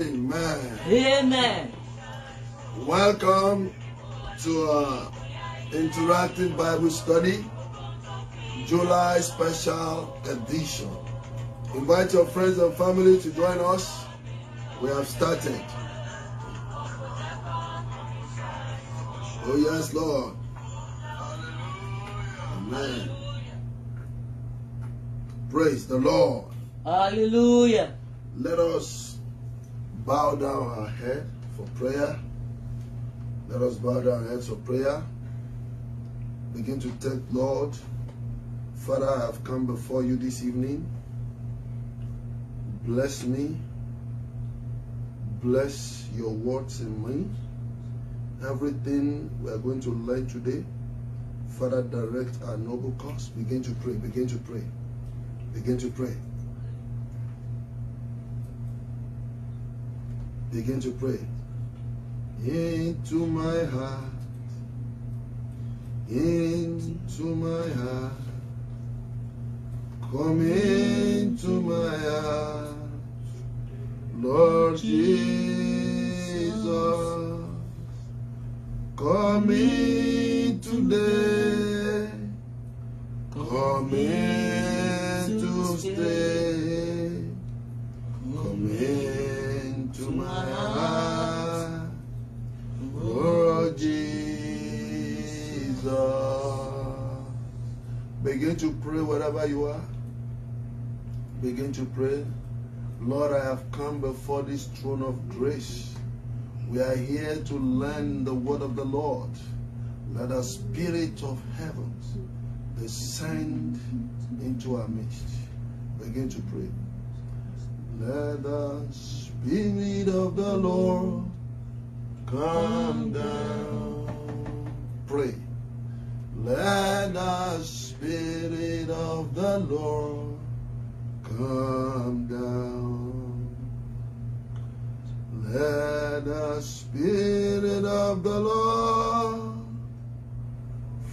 Amen. Amen. Welcome to our interactive Bible study, July special edition. Invite your friends and family to join us. We have started. Oh yes, Lord. Amen. Praise the Lord. Hallelujah. Let us bow down our head for prayer. Let us bow down our heads for prayer. Begin to thank Lord. Father, I have come before you this evening. Bless me. Bless your words in me. Everything we are going to learn today, Father, direct our noble cause. Begin to pray. Begin to pray. Begin to pray. Begin to pray. Into my heart, into my heart, come into my heart, Lord Jesus, come in today, come in to stay, come in into my heart, oh Jesus. Begin to pray wherever you are. Begin to pray. Lord, I have come before this throne of grace. We are here to learn the word of the Lord. Let the spirit of heaven descend into our midst. Begin to pray. Let us. Spirit of the Lord, come down. Pray. Let the Spirit of the Lord come down. Let the Spirit of the Lord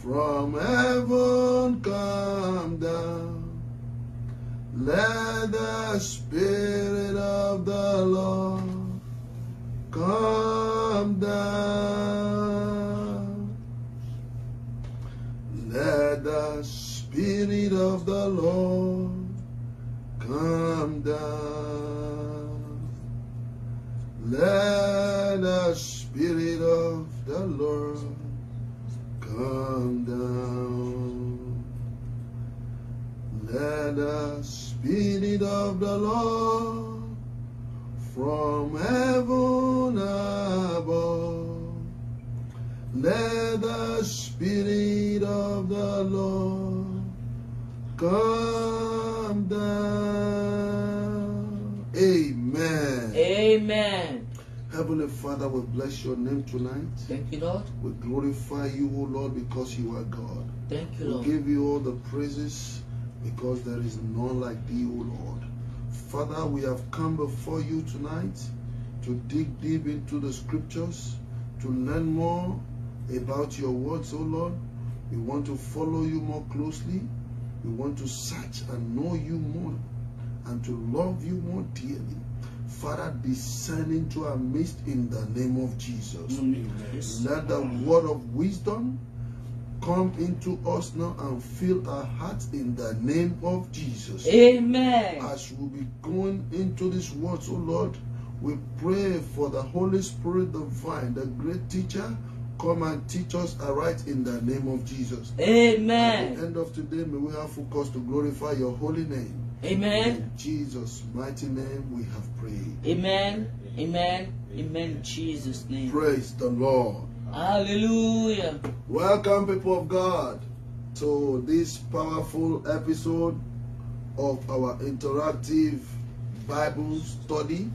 from heaven come down. Let the Spirit of the Lord come down. Let the Spirit of the Lord come down. Let of the Lord from heaven above. Let the Spirit of the Lord come down. Amen. Amen. Heavenly Father, we bless your name tonight. Thank you, Lord. We glorify you, O Lord, because you are God. Thank you, Lord. We give you all the praises because there is none like thee, O Lord. Father, we have come before you tonight to dig deep into the scriptures, to learn more about your words, O oh Lord. We want to follow you more closely. We want to search and know you more and to love you more dearly. Father, descend into our midst in the name of Jesus. Amen. Let the word of wisdom, come into us now and fill our hearts in the name of Jesus. Amen. As we be going into this world, oh Lord, we pray for the Holy Spirit divine, the great teacher, come and teach us aright in the name of Jesus. Amen. At the end of today, may we have full cause to glorify your holy name. Amen. In Jesus' mighty name we have prayed. Amen. Amen. Amen. Amen. Jesus' name. Praise the Lord. Hallelujah. Welcome, people of God, to this powerful episode of our interactive Bible study.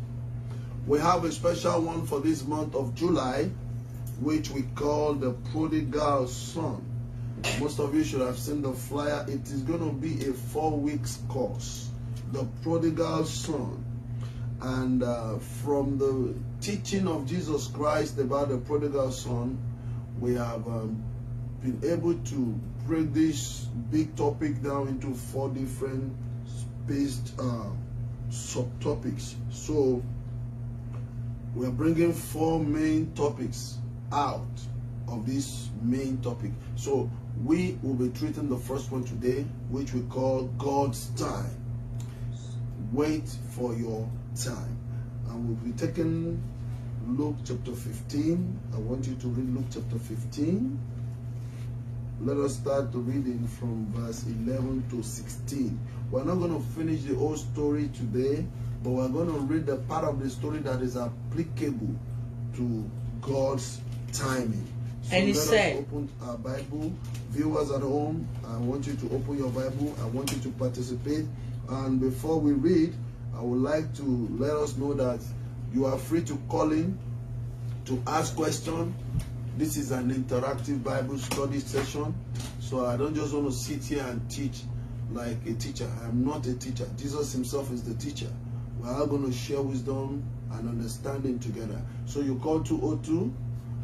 We have a special one for this month of July, which we call the prodigal son. Most of you should have seen the flyer. It is going to be a four weeks course. The prodigal son. And uh, from the teaching of Jesus Christ about the prodigal son, we have um, been able to break this big topic down into four different spaced uh, subtopics. So we're bringing four main topics out of this main topic. So we will be treating the first one today, which we call God's time. Wait for your time. And we'll be taking Luke chapter 15. I want you to read Luke chapter 15. Let us start reading from verse 11 to 16. We're not going to finish the whole story today, but we're going to read the part of the story that is applicable to God's timing. So and he said, open our Bible. Viewers at home, I want you to open your Bible. I want you to participate. And before we read, I would like to let us know that you are free to call in, to ask questions. This is an interactive Bible study session. So I don't just want to sit here and teach like a teacher. I'm not a teacher. Jesus himself is the teacher. We are going to share wisdom and understanding together. So you call 202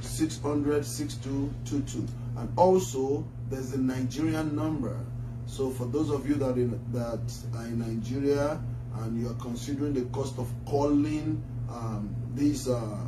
600 6222. And also, there's a Nigerian number. So for those of you that, in, that are in Nigeria, and you are considering the cost of calling um, this uh,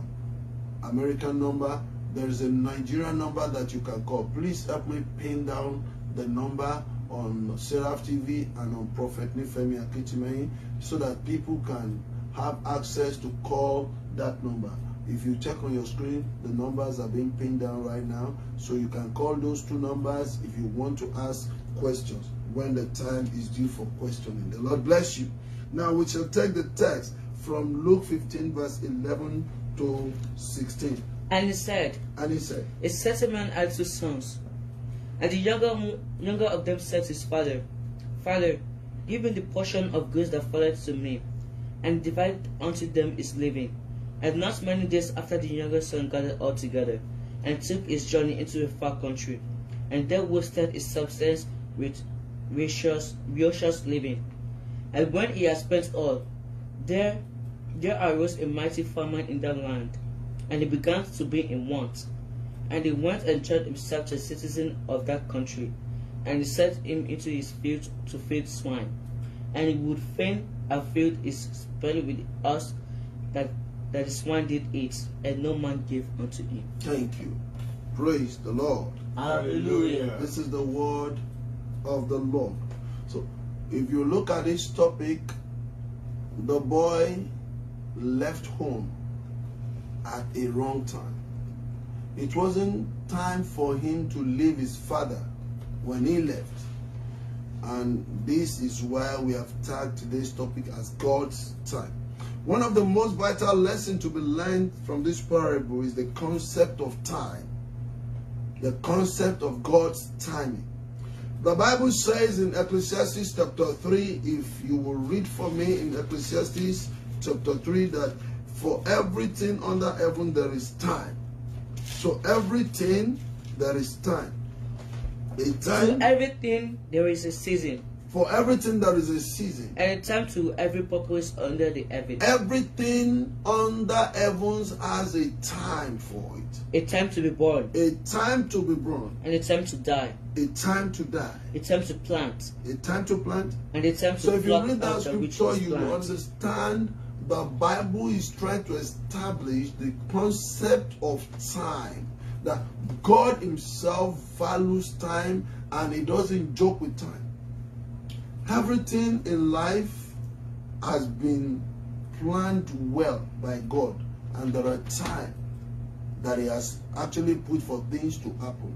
American number, there is a Nigerian number that you can call. Please help me pin down the number on Seraph TV and on Prophet Nifemi Akitimei so that people can have access to call that number. If you check on your screen, the numbers are being pinned down right now. So you can call those two numbers if you want to ask questions when the time is due for questioning. The Lord bless you. Now we shall take the text from Luke 15, verse 11 to 16. And he said, And he said, A certain man had two sons. And the younger, younger of them said to his father, Father, give me the portion of goods that falleth to me, and divide unto them his living. And not many days after the younger son gathered all together, and took his journey into a far country, and there wasted his substance with riotous living. And when he had spent all, there, there arose a mighty famine in that land, and he began to be in want. And he went and turned himself to a citizen of that country, and he sent him into his field to feed swine. And he would fain have filled his belly with us that, that the swine did eat, and no man gave unto him. Thank you. Praise the Lord. Hallelujah. This is the word of the Lord. So if you look at this topic, the boy left home at a wrong time. It wasn't time for him to leave his father when he left. And this is why we have tagged today's topic as God's time. One of the most vital lessons to be learned from this parable is the concept of time. The concept of God's timing. The Bible says in Ecclesiastes chapter 3, if you will read for me in Ecclesiastes chapter 3, that for everything under heaven there is time. So everything there is time. A time. everything there is a season. For everything there is a season. And a time to every purpose under the heaven. Everything under heavens has a time for it. A time to be born. A time to be born. And a time to die. A time to die. A time to plant. A time to plant. And a time to So if you read that scripture, you plant. understand the Bible is trying to establish the concept of time. That God Himself values time and He doesn't joke with time. Everything in life has been planned well by God, and there are times that He has actually put for things to happen.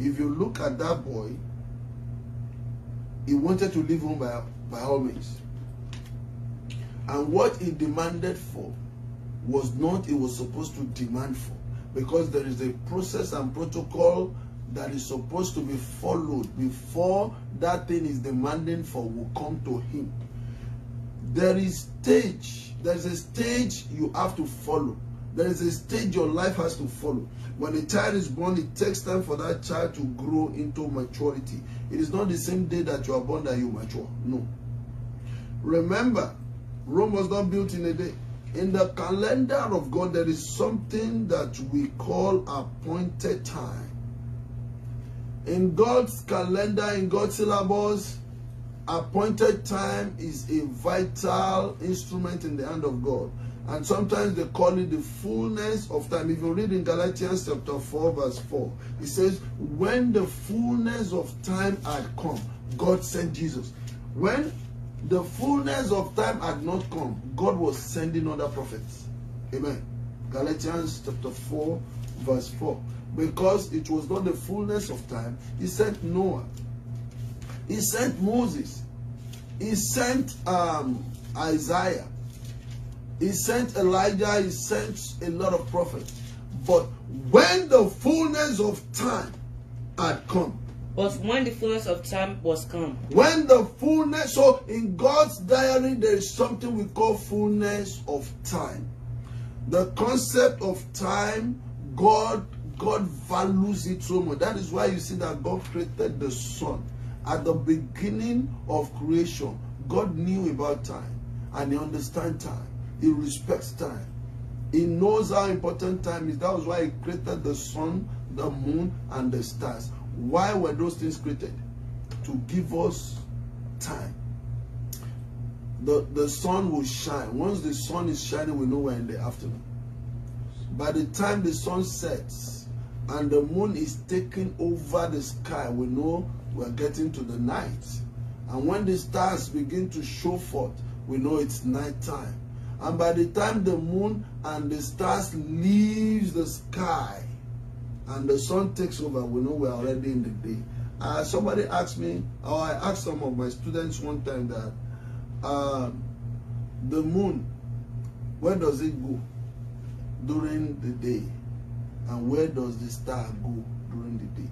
If you look at that boy, he wanted to leave home by, by all means. And what he demanded for was not he was supposed to demand for because there is a process and protocol that is supposed to be followed before that thing is demanding for will come to him. There is stage, there is a stage you have to follow. There is a stage your life has to follow. When a child is born, it takes time for that child to grow into maturity. It is not the same day that you are born that you mature. No. Remember, Rome was not built in a day. In the calendar of God, there is something that we call appointed time. In God's calendar, in God's syllabus, appointed time is a vital instrument in the hand of God. And sometimes they call it the fullness of time. If you read in Galatians chapter 4, verse 4, it says, When the fullness of time had come, God sent Jesus. When the fullness of time had not come, God was sending other prophets. Amen. Galatians chapter 4, verse 4 because it was not the fullness of time. He sent Noah. He sent Moses. He sent um, Isaiah. He sent Elijah. He sent a lot of prophets. But when the fullness of time had come, but when the fullness of time was come. When the fullness, so in God's diary, there is something we call fullness of time. The concept of time, God God values it so much. That is why you see that God created the sun. At the beginning of creation, God knew about time and He understands time. He respects time. He knows how important time is. That was why He created the sun, the moon, and the stars. Why were those things created? To give us time. The, the sun will shine. Once the sun is shining, we know we're in the afternoon. By the time the sun sets, and the moon is taking over the sky, we know we are getting to the night. And when the stars begin to show forth, we know it's night time. And by the time the moon and the stars leaves the sky and the sun takes over, we know we're already in the day. Uh, somebody asked me, or I asked some of my students one time that uh, the moon, where does it go during the day? and where does the star go during the day?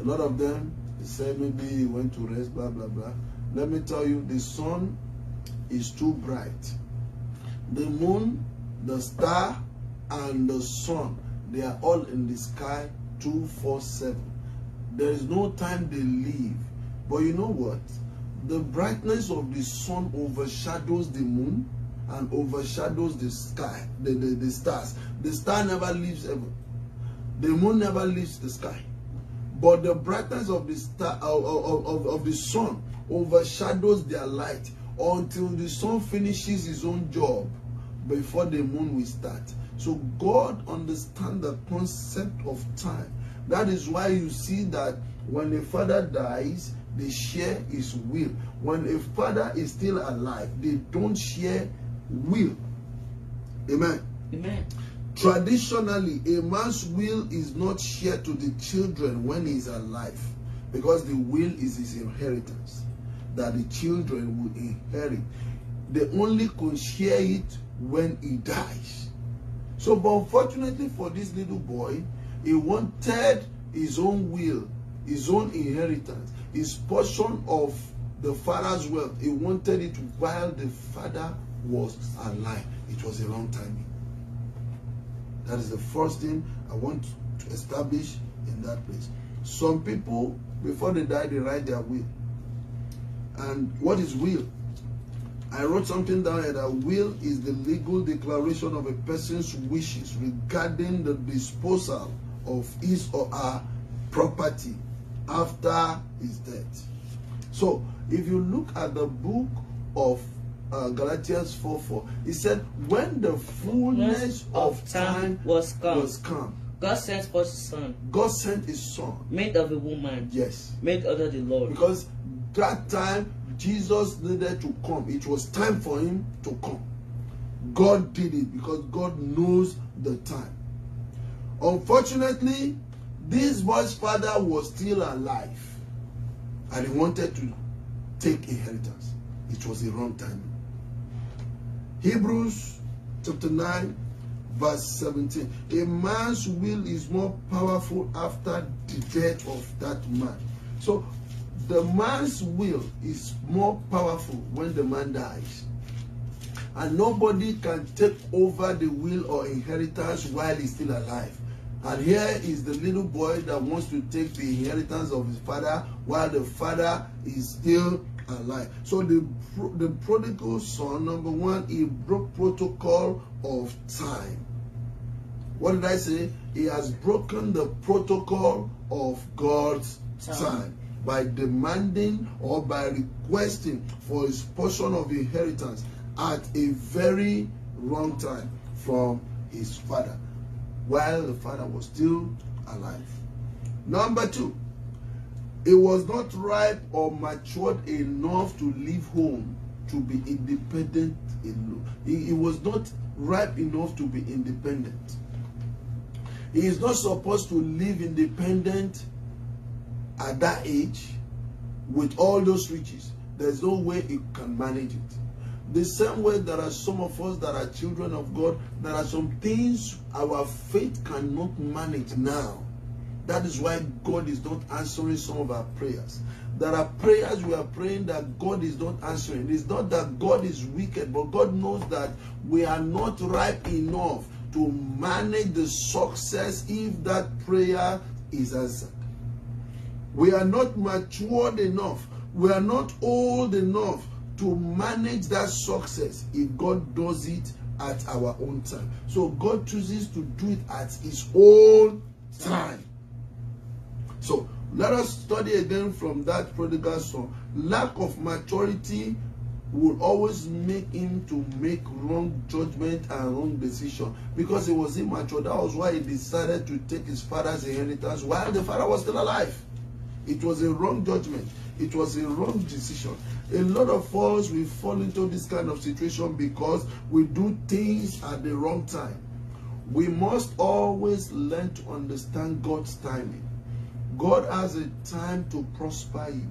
A lot of them say maybe he went to rest, blah, blah, blah. Let me tell you, the sun is too bright. The moon, the star, and the sun, they are all in the sky 247. There is no time they leave. But you know what? The brightness of the sun overshadows the moon and overshadows the sky, the, the, the stars. The star never leaves heaven. The moon never leaves the sky. But the brightness of the star of, of, of, the sun overshadows their light until the sun finishes his own job before the moon will start. So God understands the concept of time. That is why you see that when a father dies, they share his will. When a father is still alive, they don't share will. Amen. Amen. Traditionally, a man's will is not shared to the children when he's alive because the will is his inheritance that the children will inherit. They only could share it when he dies. So, but unfortunately for this little boy, he wanted his own will, his own inheritance, his portion of the father's wealth. He wanted it while the father was a lie. It was a wrong timing. That is the first thing I want to establish in that place. Some people, before they die, they write their will. And what is will? I wrote something down here that will is the legal declaration of a person's wishes regarding the disposal of his or her property after his death. So, if you look at the book of uh, Galatians 4 4. He said, When the fullness of, of time, time, was come, was come God sent his son. God sent his son. Made of a woman. Yes. Made under the Lord. Because that time Jesus needed to come. It was time for him to come. God did it because God knows the time. Unfortunately, this boy's father was still alive and he wanted to take inheritance. It was the wrong time. Hebrews chapter 9, verse 17. A man's will is more powerful after the death of that man. So the man's will is more powerful when the man dies. And nobody can take over the will or inheritance while he's still alive. And here is the little boy that wants to take the inheritance of his father while the father is still Alive. So the, the prodigal son, number one, he broke protocol of time. What did I say? He has broken the protocol of God's time. time by demanding or by requesting for his portion of inheritance at a very wrong time from his father while the father was still alive. Number two, it was not ripe or matured enough to leave home to be independent. It was not ripe enough to be independent. He is not supposed to live independent at that age with all those riches. There's no way he can manage it. The same way there are some of us that are children of God, there are some things our faith cannot manage now. That is why God is not answering some of our prayers. There are prayers we are praying that God is not answering. It's not that God is wicked, but God knows that we are not ripe enough to manage the success if that prayer is answered. We are not matured enough. We are not old enough to manage that success if God does it at our own time. So God chooses to do it at his own time. So let us study again from that prodigal son. Lack of maturity will always make him to make wrong judgment and wrong decision because he was immature. That was why he decided to take his father's inheritance while the father was still alive. It was a wrong judgment. It was a wrong decision. A lot of us, we fall into this kind of situation because we do things at the wrong time. We must always learn to understand God's timing. God has a time to prosper you.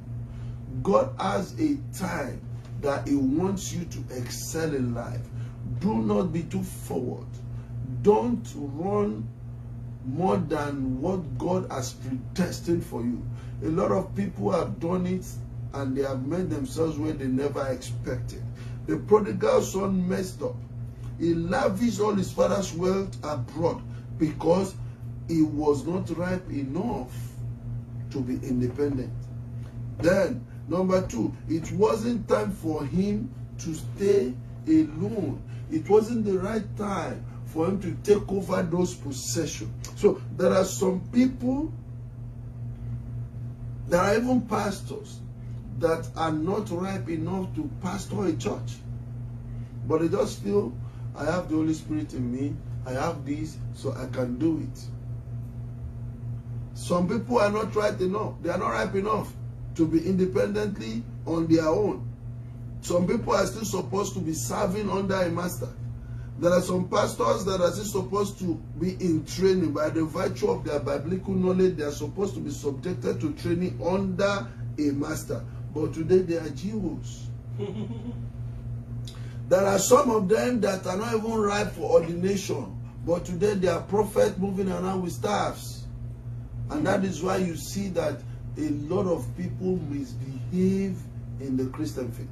God has a time that he wants you to excel in life. Do not be too forward. Don't run more than what God has predestined for you. A lot of people have done it and they have made themselves where they never expected. The prodigal son messed up. He lavished all his father's wealth abroad because he was not ripe enough to be independent. Then, number two, it wasn't time for him to stay alone. It wasn't the right time for him to take over those possessions. So there are some people, there are even pastors that are not ripe enough to pastor a church. But they just feel, I have the Holy Spirit in me, I have this, so I can do it. Some people are not right enough. They are not ripe enough to be independently on their own. Some people are still supposed to be serving under a master. There are some pastors that are still supposed to be in training by the virtue of their biblical knowledge. They are supposed to be subjected to training under a master. But today they are Jews. there are some of them that are not even ripe for ordination. But today they are prophets moving around with staffs. And that is why you see that a lot of people misbehave in the Christian faith.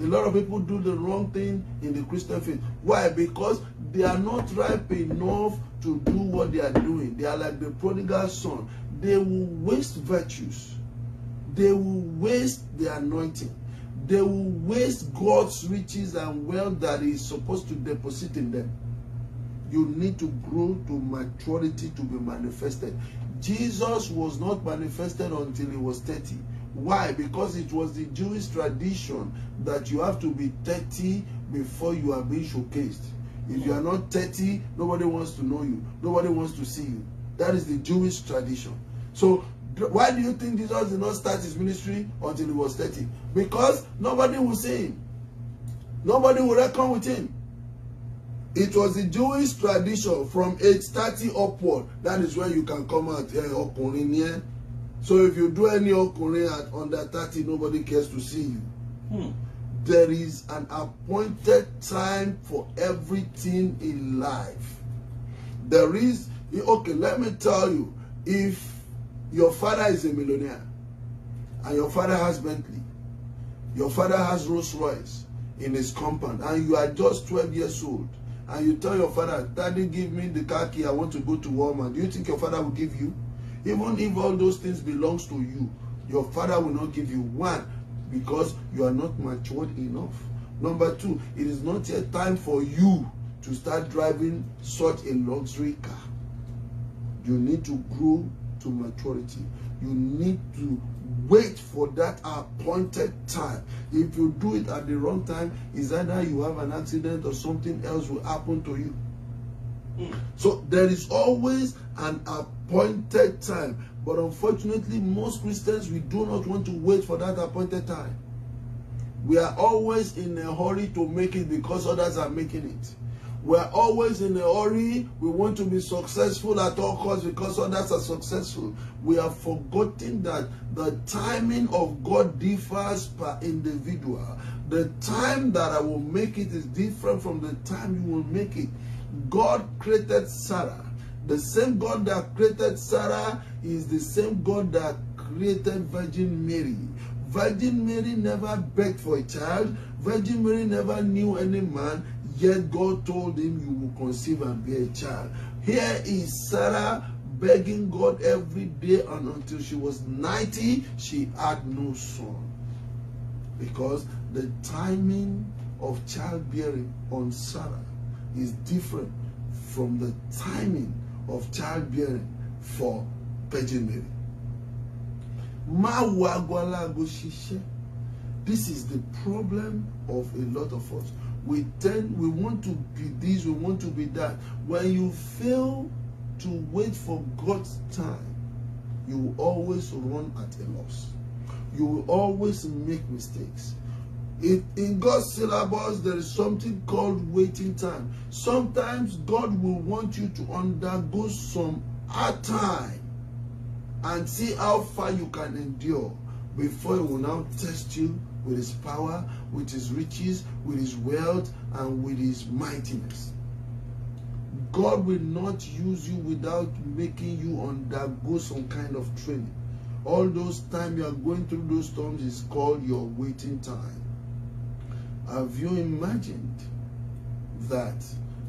A lot of people do the wrong thing in the Christian faith. Why? Because they are not ripe enough to do what they are doing. They are like the prodigal son. They will waste virtues. They will waste the anointing. They will waste God's riches and wealth that is supposed to deposit in them. You need to grow to maturity to be manifested. Jesus was not manifested until he was 30. Why? Because it was the Jewish tradition that you have to be 30 before you are being showcased. If you are not 30, nobody wants to know you. Nobody wants to see you. That is the Jewish tradition. So why do you think Jesus did not start his ministry until he was 30? Because nobody will see him. Nobody will reckon with him. it was the Jewish tradition from age thirty upward that is when you can come out here, eh, ọkùnrin ni ẹ so if you do any ọkùnrin at under thirty nobody cares to see you. Hmm. There is an appointed time for everything in life. There is, okay, let me tell you, if your father is a millionaire and your father has Bentley, your father has Rolls Royce in his compound, and you are just twelve years old, and you tell your father, Daddy, give me the car key, I want to go to Walmart, do you think your father will give you? Even if all those things belongs to you, your father will not give you one because you are not matured enough. Number two, it is not yet time for you to start driving such a luxury car. You need to grow to maturity. You need to Wait for that appointed time. If you do it at the wrong time, is either you have an accident or something else will happen to you. Mm. So there is always an appointed time. But unfortunately, most Christians, we do not want to wait for that appointed time. We are always in a hurry to make it because others are making it. We're always in a hurry. We want to be successful at all costs because others are successful. We have forgotten that the timing of God differs per individual. The time that I will make it is different from the time you will make it. God created Sarah. The same God that created Sarah is the same God that created Virgin Mary. Virgin Mary never begged for a child. Virgin Mary never knew any man. Yet God told him, You will conceive and bear a child. Here is Sarah begging God every day, and until she was 90, she had no son. Because the timing of childbearing on Sarah is different from the timing of childbearing for Virgin Mary. Má wo ago This is the problem of a lot of us. We tend, we want to be this, we want to be that. When you fail to wait for God's time, you will always run at a loss. You will always make mistakes. It, in God's syllabus, there is something called waiting time. Sometimes God will want you to undergo some hard time and see how far you can endure before He will now test you with his power, with his riches, with his wealth, and with his mightiness. God will not use you without making you undergo some kind of training. All those time you are going through those storms is called your waiting time. Have you imagined that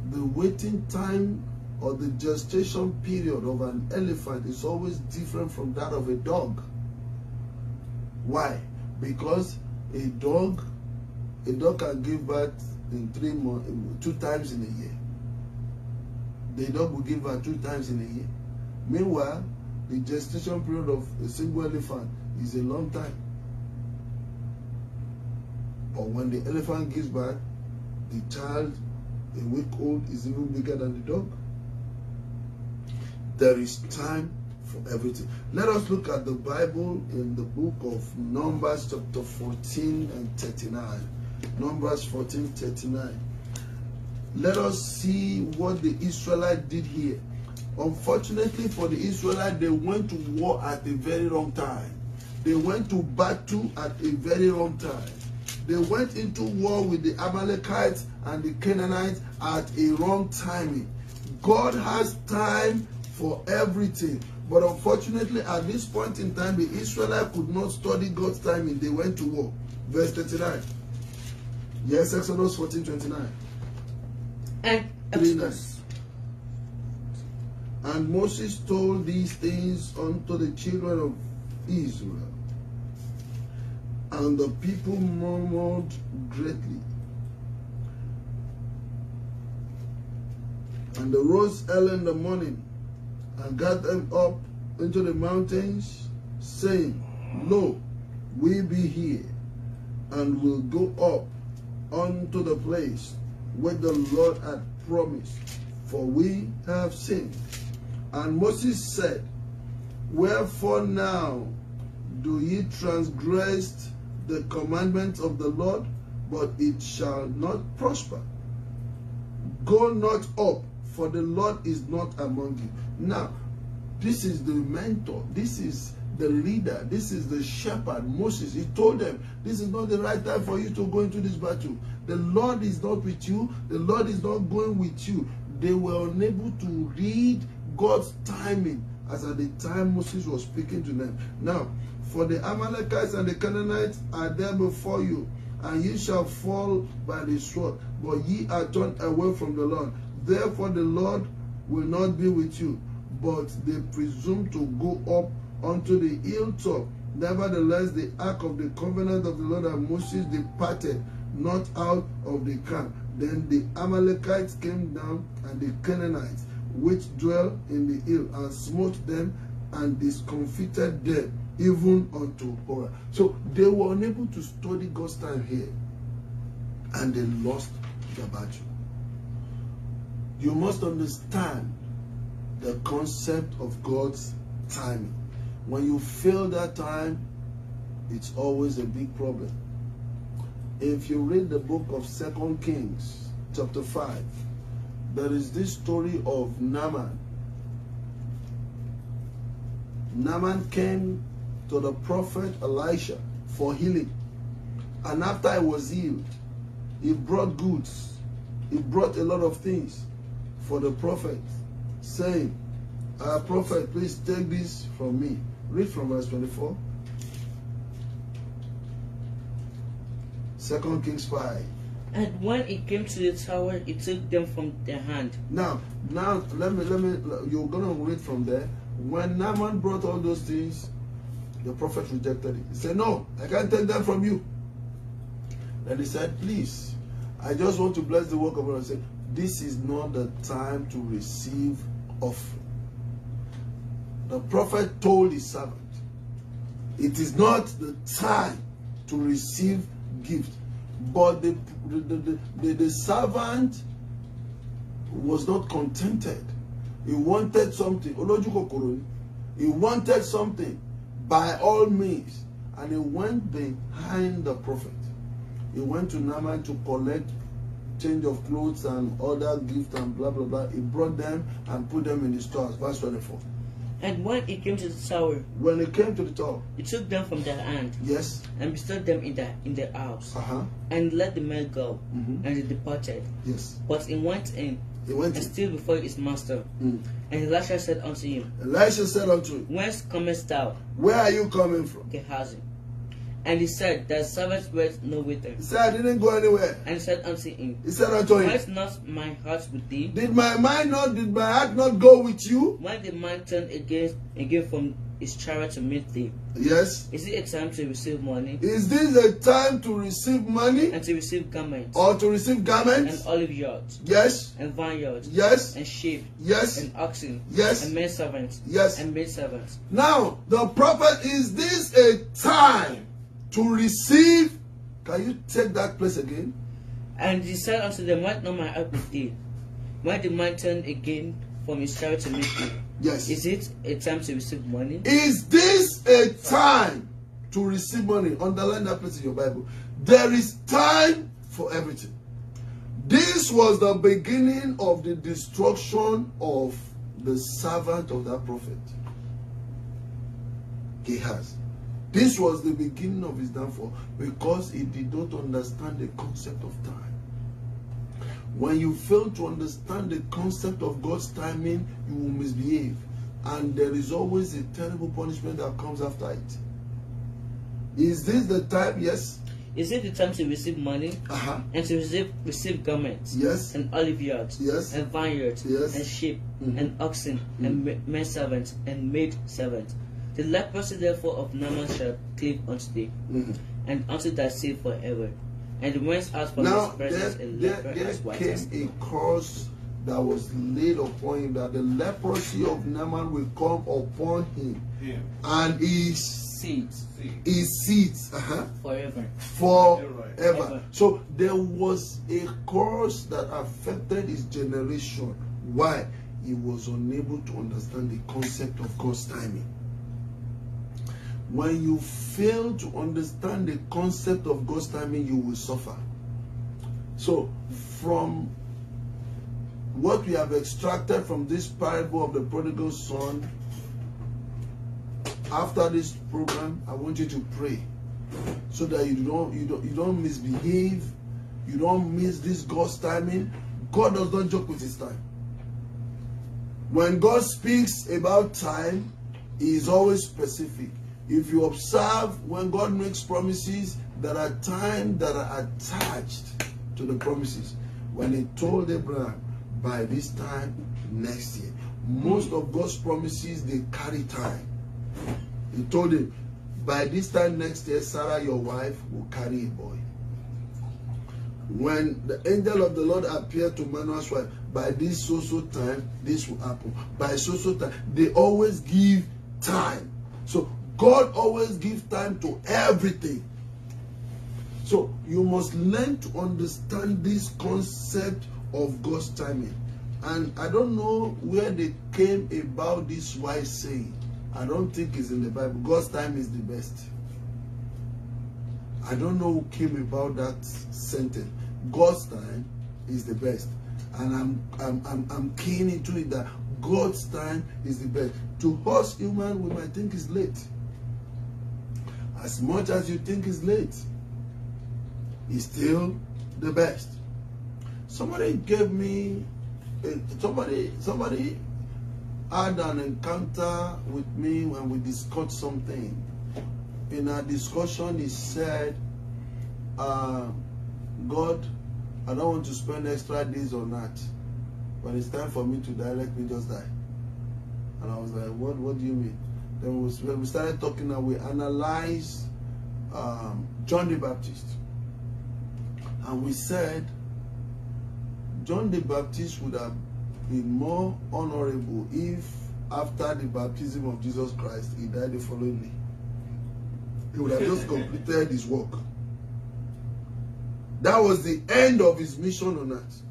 the waiting time or the gestation period of an elephant is always different from that of a dog? Why? Because a dog a dog can give birth in three months two times in a year the dog will give birth two times in a year meanwhile the gestation period of a single elephant is a long time But when the elephant gives birth the child a week old is even bigger than the dog there is time everything. Let us look at the Bible in the book of Numbers chapter 14 and 39. Numbers 14, 39. Let us see what the Israelites did here. Unfortunately for the Israelites, they went to war at a very wrong time. They went to battle at a very wrong time. They went into war with the Amalekites and the Canaanites at a wrong timing. God has time for everything. But unfortunately, at this point in time, the Israelites could not study God's timing. They went to war. Verse thirty-nine, Yes, Exodus 14, 29. And, eh, and Moses told these things unto the children of Israel. And the people murmured greatly. And arose early in the morning and got them up into the mountains, saying, Lo, we be here, and will go up unto the place where the Lord had promised, for we have sinned. And Moses said, Wherefore now do ye transgress the commandments of the Lord, but it shall not prosper. Go not up for the Lord is not among you. Now, this is the mentor, this is the leader, this is the shepherd, Moses. He told them, This is not the right time for you to go into this battle. The Lord is not with you, the Lord is not going with you. They were unable to read God's timing as at the time Moses was speaking to them. Now, for the Amalekites and the Canaanites are there before you, and ye shall fall by the sword, but ye are turned away from the Lord. Therefore the Lord will not be with you, but they presume to go up unto the hilltop. Nevertheless, the ark of the covenant of the Lord and Moses departed not out of the camp. Then the Amalekites came down and the Canaanites, which dwell in the hill, and smote them and discomfited them, even unto Horah. So they were unable to study God's time here, and they lost the battle you must understand the concept of God's timing. When you fail that time, it's always a big problem. If you read the book of Second Kings, chapter 5, there is this story of Naaman. Naaman came to the prophet Elisha for healing. And after he was healed, he brought goods. He brought a lot of things for the prophet, saying, Our prophet, please take this from me. Read from verse 24. 2 Kings 5. And when it came to the tower, it took them from their hand. Now, now let me let me you're gonna read from there. When Naaman brought all those things, the prophet rejected it. He said, No, I can't take them from you. Then he said, Please, I just want to bless the work of God. I said, this is not the time to receive offering. The prophet told his servant, it is not the time to receive gift. But the, the, the, the servant was not contented. He wanted something. He wanted something by all means. And he went behind the prophet. He went to Naaman to collect change of clothes and other gifts and blah blah blah. He brought them and put them in the stores. Verse 24. And when it came to the tower, when it came to the tower, he took them from their hand. Yes. And bestowed them in the in the house. Uh-huh. And let the man go. Mm -hmm. And he departed. Yes. But he went in. He went and in. still before his master. Mm. And Elisha said unto him. Elisha said unto him. Whence comest thou? Where are you coming from? Gehazi. And he said, Thy servant went no whither. He said, I didn't go anywhere. And he said unto him, He said unto him, Was not my heart with thee? Did my mind not, did my heart not go with you? When the man turned against again from his chariot to meet thee. Yes. Is it a time to receive money? Is this a time to receive money? And to receive garments. Or to receive garments? And olive yards. Yes. And vineyards. Yes. And sheep. Yes. And oxen. Yes. And maid servants. Yes. And maid servants. Now, the prophet, is this a time? to receive. Can you take that place again? And he said unto them, What not my up with thee? Why the man turn again from his chariot to meet thee? Yes. Is it a time to receive money? Is this a time to receive money? Underline that place in your Bible. There is time for everything. This was the beginning of the destruction of the servant of that prophet. He has. This was the beginning of his downfall because he did not understand the concept of time. When you fail to understand the concept of God's timing, you will misbehave. And there is always a terrible punishment that comes after it. Is this the time? Yes. Is it the time to receive money uh -huh. and to receive receive garments? Yes. And olive yards. Yes. And vineyards. Yes. And sheep mm -hmm. and oxen mm -hmm. and mm-hmm. men servants and maid servants the leprosy therefore of Naaman shall cleave unto thee, mm-hmm. and unto thy seed forever. And went out from now, his presence there, a leper there, there came as a curse that was laid upon him that the leprosy of Naaman will come upon him yeah. and his seed, his seed uh-huh, forever. forever. Forever. So there was a curse that affected his generation. Why? He was unable to understand the concept of God's timing. When you fail to understand the concept of God's timing, you will suffer. So, from what we have extracted from this parable of the prodigal son, after this program, I want you to pray so that you don't you don't you don't misbehave, you don't miss this God's timing. God does not joke with his time. When God speaks about time, he is always specific. If you observe when God makes promises, there are times that are attached to the promises. When he told Abraham, by this time next year. Most of God's promises, they carry time. He told him, by this time next year, Sarah, your wife, will carry a boy. When the angel of the Lord appeared to Manoah's wife, by this so-so time, this will happen. By so-so time, they always give time. So God always gives time to everything. So you must learn to understand this concept of God's timing. And I don't know where they came about this wise saying. I don't think it's in the Bible. God's time is the best. I don't know who came about that sentence. God's time is the best. And I'm I'm I'm, I'm keen into it that God's time is the best. To us human, we might think it's late as much as you think is late, it's still the best. Somebody gave me, somebody, somebody had an encounter with me when we discussed something. In our discussion, he said, uh, God, I don't want to spend extra days on that. When it's time for me to direct me, just die. And I was like, what, what do you mean? Then we, when we started talking Now we analyzed um, John the Baptist. And we said John the Baptist would have been more honorable if after the baptism of Jesus Christ, he died the following day. He would have just completed his work. That was the end of his mission on earth.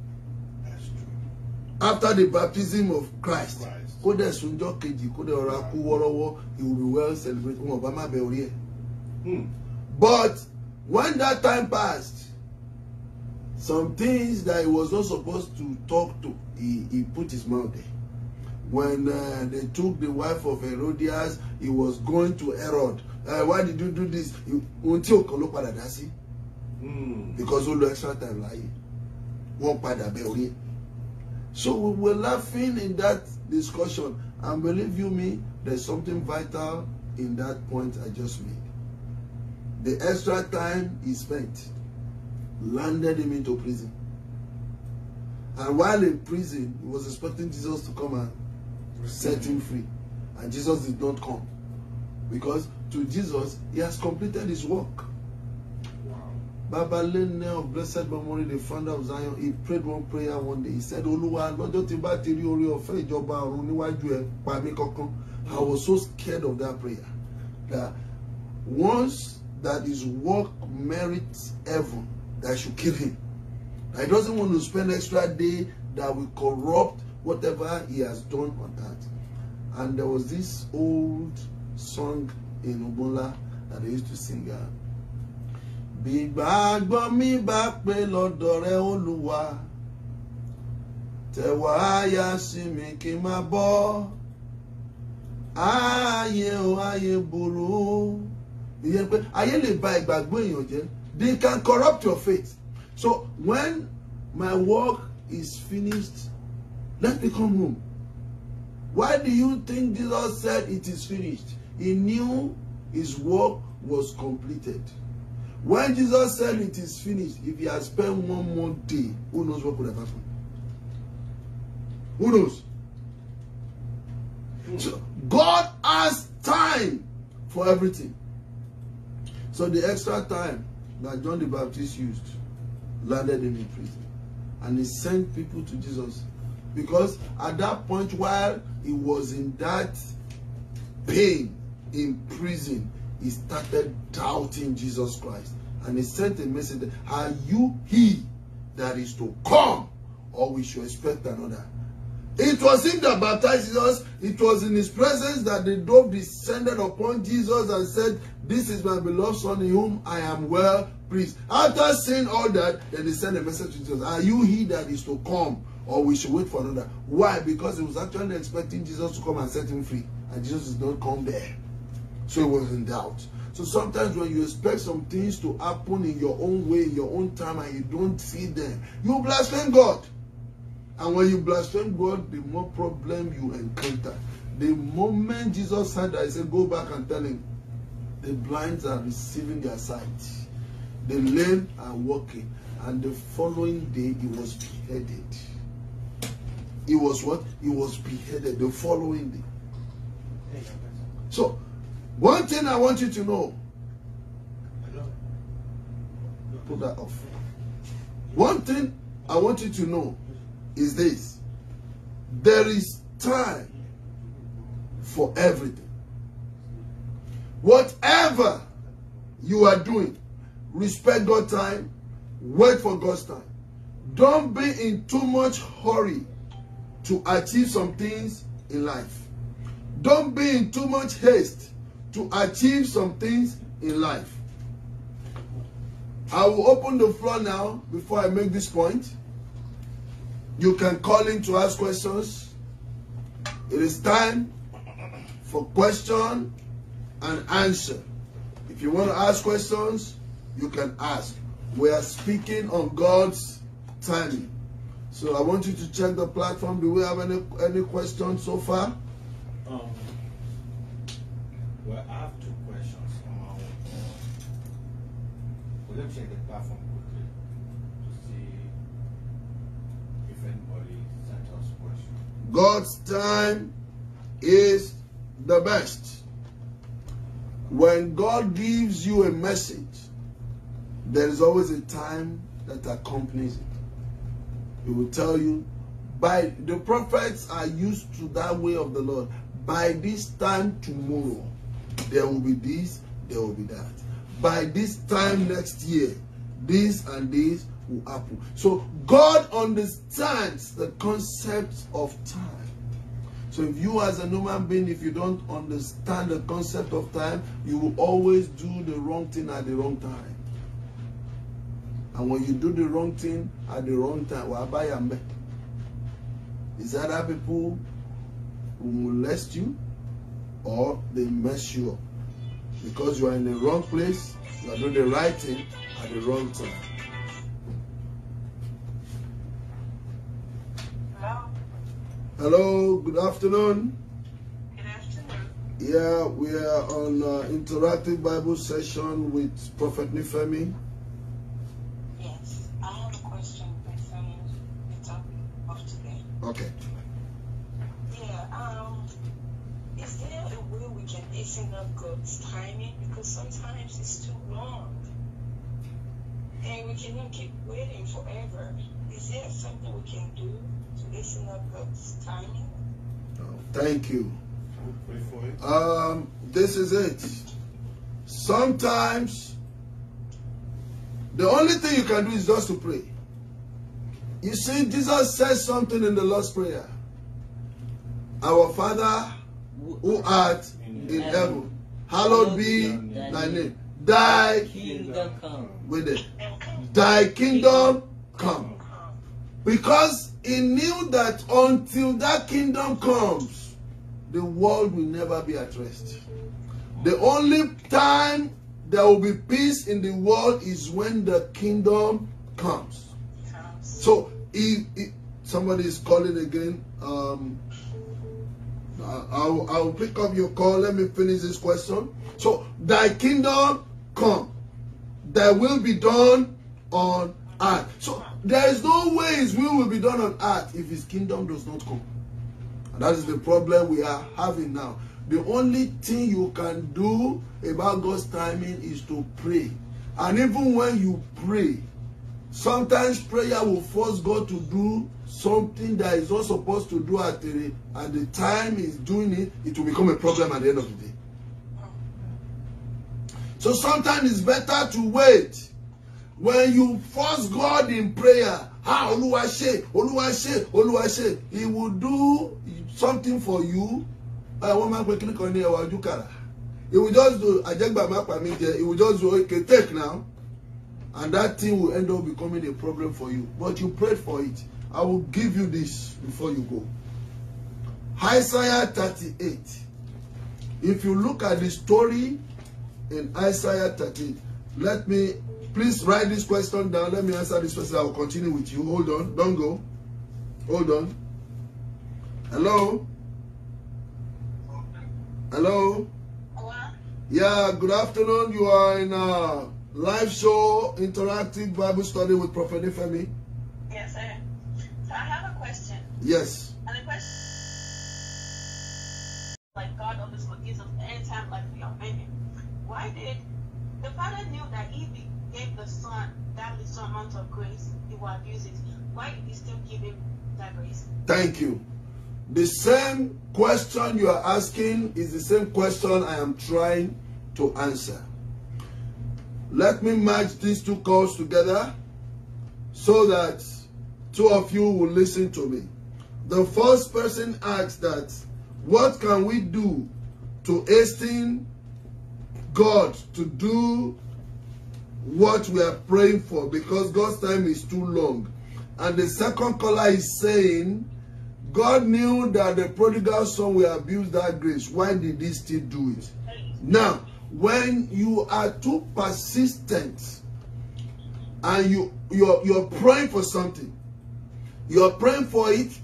After the baptism of Christ. Right kó dẹ̀ sunjọ́ kejì kó dẹ̀ ọ̀rọ̀ akú wọ́rọ́wọ́ he will be well celebrated wọn ọba má bẹ orí ẹ̀. Hmm. but when that time passed some things that he was not supposed to talk to he he put his mouth there when uh, they took the wife of Herodias he was going to Herod uh, why did you do this ohun tí òkan ló padà dá sí hmm. because ó lo extra time láàyè wọ́n padà bẹ orí ẹ̀ so we were laughing in that discussion. And believe you me, there's something vital in that point I just made. The extra time he spent landed him into prison. And while in prison, he was expecting Jesus to come and set him free. And Jesus did not come. Because to Jesus, he has completed his work. Baba lẹ́nà of blessed memory the founder of Zion he prayed one prayer one day he said "Oluwa, lọ́jọ́ tí bá ti rí orí ọ̀fẹ́ ìjọba ọ̀run níwájú ẹ̀ pa mí kankan I was so scared of that prayer that once that his work merits heaven that should kill him I doesn't want to spend extra day that will corrupt whatever he has done on that and there was this old song in Ogunla that they used to sing. Uh, bí gbàgbọ́ mi bá pé lọ́dọ̀ rẹ olúwa tẹ̀wá àyà sí mi kí n má bọ́ ààyè o ààyè burú ìyẹn pé ayé lè bà ìgbàgbọ́ èèyàn jẹ́ they can corrupt your faith so when my work is finished let me come home why do you think Jesus said it is finished he knew his work was completed. When Jesus said it is finished, if he has spent one more day, who knows what could have happened? Who knows? So God has time for everything. So the extra time that John the Baptist used landed him in prison. And he sent people to Jesus. Because at that point, while he was in that pain, in prison, he started doubting Jesus Christ. And he sent a message, are you he that is to come? Or we should expect another. It was him that baptized Jesus. It was in his presence that the dove descended upon Jesus and said, This is my beloved son in whom I am well pleased. After saying all that, then he sent a message to Jesus. Are you he that is to come? Or we should wait for another. Why? Because he was actually expecting Jesus to come and set him free. And Jesus did not come there so he was in doubt. So sometimes when you expect some things to happen in your own way, in your own time, and you don't see them, you blaspheme God. And when you blaspheme God, the more problem you encounter. The moment Jesus said that, he said, go back and tell him, the blinds are receiving their sight. The lame are walking. And the following day, he was beheaded. He was what? He was beheaded the following day. So, one thing I want you to know. Put that off. One thing I want you to know is this. There is time for everything. Whatever you are doing, respect God's time, wait for God's time. Don't be in too much hurry to achieve some things in life. Don't be in too much haste to achieve some things in life. I will open the floor now before I make this point. You can call in to ask questions. It is time for question and answer. If you want to ask questions, you can ask. We are speaking on God's timing. So I want you to check the platform. Do we have any any questions so far? Um, let check the platform quickly to see if anybody sent us God's time is the best. When God gives you a message, there is always a time that accompanies it. He will tell you, by the prophets are used to that way of the Lord. By this time tomorrow, there will be this, there will be that by this time next year, this and this will happen. So God understands the concept of time. So if you as a human being, if you don't understand the concept of time, you will always do the wrong thing at the wrong time. And when you do the wrong thing at the wrong time, wabayambe. Is that other people who molest you or they mess you up? because you are in the wrong place, you are doing the right thing at the wrong time. Hello. Hello, good afternoon. Good afternoon. Yeah, we are on uh, interactive Bible session with Prophet Nifemi. Yes, I have a question concerning the topic of today. Okay. mixing up God's timing because sometimes it's too long. And we cannot keep waiting forever. Is there something we can do to listen up God's timing? Oh, thank you. Um, this is it. Sometimes the only thing you can do is just to pray. You see, Jesus says something in the Lord's Prayer. Our Father who art in heaven. Hallowed be thy name. Thy kingdom come. With it. Thy kingdom come. Because he knew that until that kingdom comes, the world will never be at rest. The only time there will be peace in the world is when the kingdom comes. So, if, somebody is calling again. Um, I'll, I'll pick up your call. Let me finish this question. So, thy kingdom come, thy will be done on earth. So, there is no way his will will be done on earth if his kingdom does not come. And that is the problem we are having now. The only thing you can do about God's timing is to pray. And even when you pray, Sometimes prayer will force God to do something that is not supposed to do at the, at the time he's doing it, it will become a problem at the end of the day. So sometimes it's better to wait. When you force God in prayer, ah, Olúwa ṣe, Olúwa ṣe, Olúwa ṣe, he will do something for you. Wọ́n máa ń pe kíníkan ní ẹwà ojú kàrà. He will just do, àjẹgbàmápàmí jẹ, he will just do, okay, take now and that thing will end up becoming a problem for you. But you prayed for it. I will give you this before you go. Isaiah 38. If you look at the story in Isaiah 38, let me, please write this question down. Let me answer this question. I will continue with you. Hold on. Don't go. Hold on. Hello? Hello? Hello? Yeah, good afternoon. You are in... Uh, live show interactive Bible study with Prophet Ifemi. Yes, sir. So I have a question. Yes. And the question, like God always forgives us anytime, like we are offended. Why did the Father knew that if he gave the Son that little amount of grace, he will abuse it. Why did he still give him that grace? Thank you. The same question you are asking is the same question I am trying to answer. Let me match these two calls together so that two of you will listen to me. The first person asks that, what can we do to hasten God to do what we are praying for because God's time is too long. And the second caller is saying, God knew that the prodigal son will abuse that grace. Why did he still do it? Now, when you are too persistent and you you're you're praying for something you're praying for it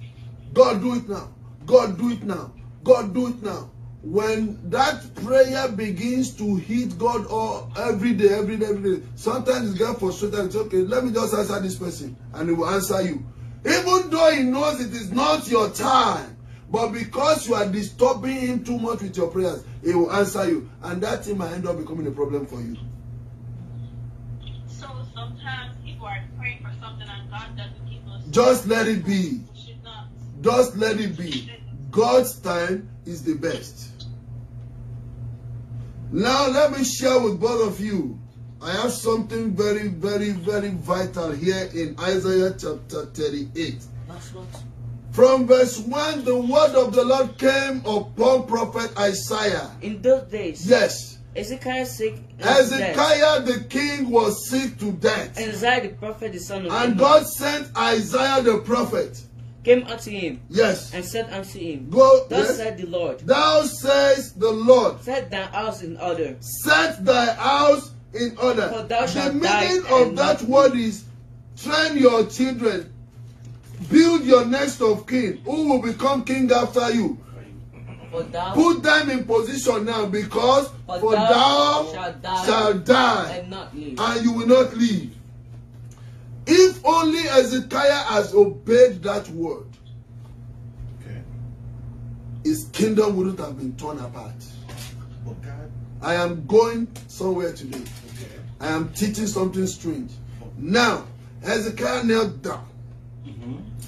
god do it now god do it now god do it now when that prayer begins to hit god all every day every day every day sometimes you get frustrated it's okay let me just answer this person and he will answer you even though he knows it is not your time but because you are disturbing him too much with your prayers, he will answer you. And that thing might end up becoming a problem for you. So sometimes people are praying for something and God doesn't give us. Just let it be. Just let it be. God's time is the best. Now let me share with both of you. I have something very, very, very vital here in Isaiah chapter 38. That's what from verse 1, the word of the Lord came upon prophet Isaiah. In those days. Yes. Ezekiah sick. Ezekiah the king was sick to death. And Isaiah the prophet, the son of And God sent Isaiah the prophet. Came unto him. Yes. And said unto him. Go. Thus yes. said the Lord. Thou sayest the Lord. Set thy house in order. Set thy house in order. For thou The meaning of that word is train your children Build your nest of kin who will become king after you. Thou, Put them in position now because for thou, thou, shall die, and, and, you will not leave. If only Ezekiah has obeyed that word, okay. his kingdom wouldn't have been torn apart. Okay. I am going somewhere today. Okay. I am teaching something strange. Now, Hezekiah knelt down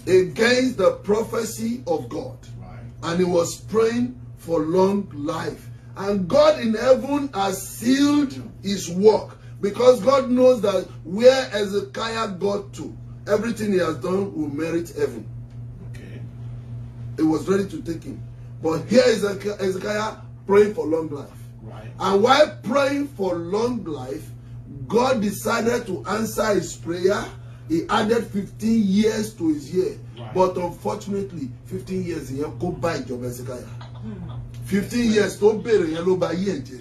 against the prophecy of God. Right. And he was praying for long life. And God in heaven has sealed his work. Because God knows that where Ezekiah got to, everything he has done will merit heaven. Okay. It was ready to take him. But here is Ezekiah praying for long life. Right. And while praying for long life, God decided to answer his prayer he added fifteen years to his year right. but unfortunately fifteen years yẹn kó bá ìjọba ẹsẹ káyà hmm. fifteen years tó béèrè yẹn ló bá yí jẹ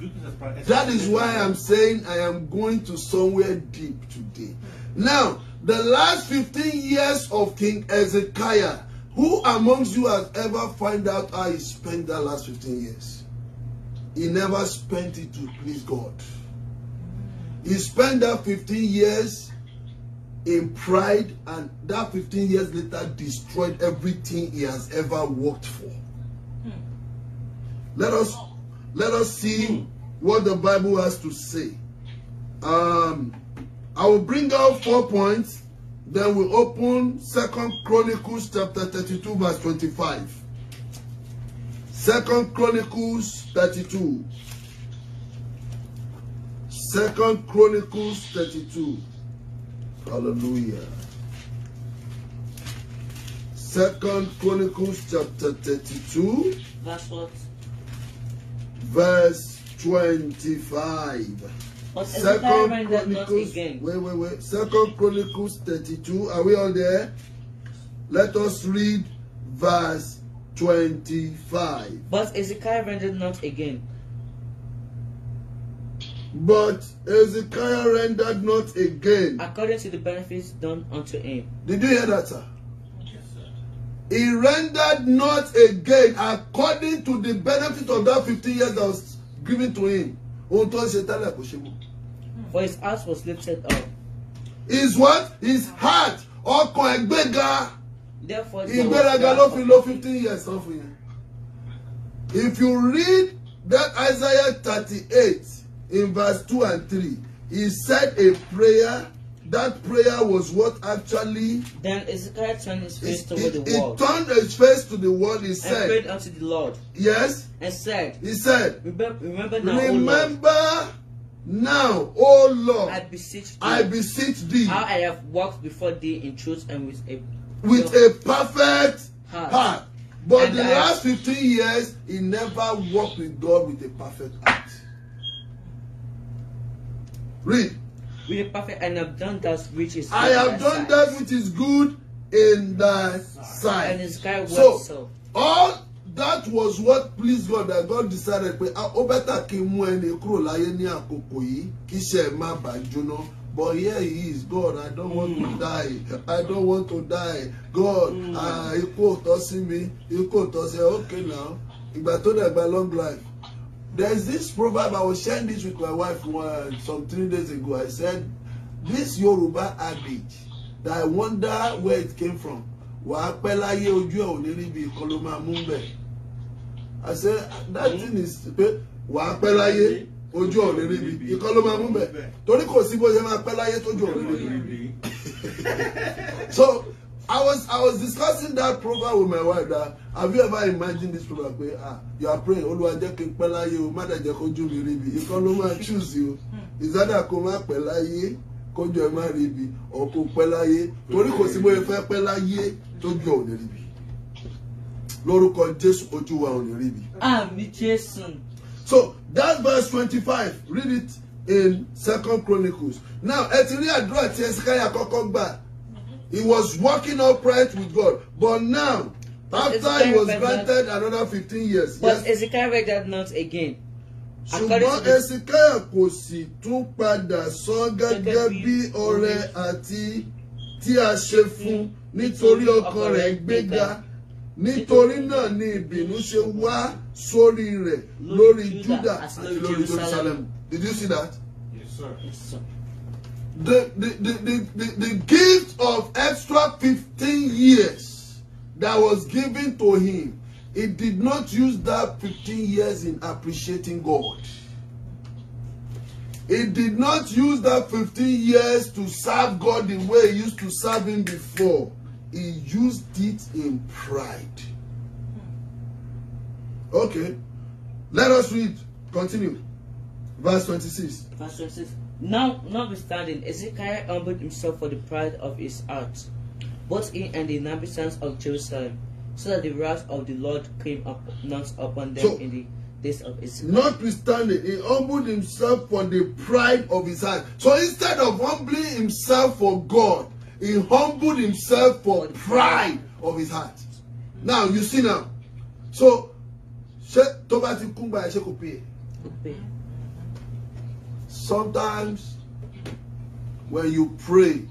hmm. that is why I am saying i am going to somewhere deep today hmm. now the last fifteen years of king ezekiah who amongst you has ever find out how he spent that last fifteen years he never spent it to please god he spent that fifteen years in pride and that 15 years later destroyed everything he has ever worked for. Let us let us see what the Bible has to say. Um, I will bring out four points, then we open Second Chronicles chapter 32 verse 25. Second Chronicles 32. Second Chronicles 32. Hallelujah. Second Chronicles chapter 32. Verse what? Verse 25. Second Chronicles. Wait, wait, wait. Second Chronicles 32. Are we all there? Let us read verse 25. But Ezekiel rendered not again, But Ezekiah rendered not again. According to the benefits done unto him. Did you hear that, sir? Yes, sir. He rendered not again according to the benefit of that 15 years that was given to him. Ohun tó ń For his heart was lifted up. His what? His heart. Ọkàn ẹgbẹ́ga. Therefore, ìgbéraga ló fi lo 15 years off If you read that Isaiah 38 in verse 2 and 3, he said a prayer. That prayer was what actually. Then Ezekiel turned his face he, toward he, the wall. He turned his face to the wall. He and said. prayed unto the Lord. Yes. And said. He said. Remember now, remember Now, O Lord, I beseech thee, I beseech thee how I have walked before thee in truth and with a with a perfect heart. heart. But and the I, last 15 years, he never walked with God with a perfect heart. Read. We are perfect and have done that which is I have done sight. that which is good in thy sight. And his guy so, so all that was what pleased God that God decided pé ah, ó better kí n mú ẹni kúrò láyé ní àkókò yìí kí iṣẹ́ má bàa But here he is, God, I don't want to hmm. die. I don't want to die. God, hmm. Ah, ò tọ́ sí mi, ikú ò tọ́ okay now. Ìgbà tó dẹ̀ gba long life. There's this proverb, I was sharing this with my wife one, some three days ago. I said, this Yoruba adage that I wonder where it came from. Wàá pẹ́ láyé ojú ẹ̀ ò I said, that thing is pé wàá pẹ́ láyé ojú ẹ̀ ò ní ríbi ìkan ló máa mú bẹ̀. So I was I was discussing that program with my wife that have you ever imagined this program pe ah you are praying Olúwa jẹ́ kí n pẹ́ láyé o má dàjẹ́ kójú mi rí ibi ìkan ló máa choose you ìsádà hmm. kó má pẹ́ láyé kójú ẹ má rí ibi or kó pẹ́ láyé torí kò sí bóyá fẹ́ pẹ́ láyé tójú ò ní rí ibi lórúkọ Jésù ojú wa ò ní rí ibi. àmì So that verse 25, read it in Second Chronicles now ẹ ti rí àdúrà tí Hesekiah kọ́kọ́ He was walking upright with God. But now, after he was granted not, another 15 years. But yes, Ezekiel read that not again. Ṣùgbọ́n Ezekiel kò sì tún padà sọ gẹ́gẹ́ bí ọrẹ àti tí a ṣe fún nítorí ọkàn rẹ̀ gbéga. Nítorí náà ni ìbínú ṣe wá sórí rẹ̀ lórí Júdà àti lórí Jerusalem. Did you see that? Yes, sir. Yes, sir the, the, the, the, the, gift of extra 15 years that was given to him, he did not use that 15 years in appreciating God. He did not use that 15 years to serve God the way he used to serve him before. He used it in pride. Okay. Let us read. Continue. Verse 26. Verse 26. Now, notwithstanding, Ezekiel humbled himself for the pride of his heart, both he and the inhabitants of Jerusalem, so that the wrath of the Lord came up, not upon them so, in the days of Ezekiel. Notwithstanding, he humbled himself for the pride of his heart. So instead of humbling himself for God, he humbled himself for, pride, of his heart. Now, you see now. So, ṣé kumba bá Sometimes when you pray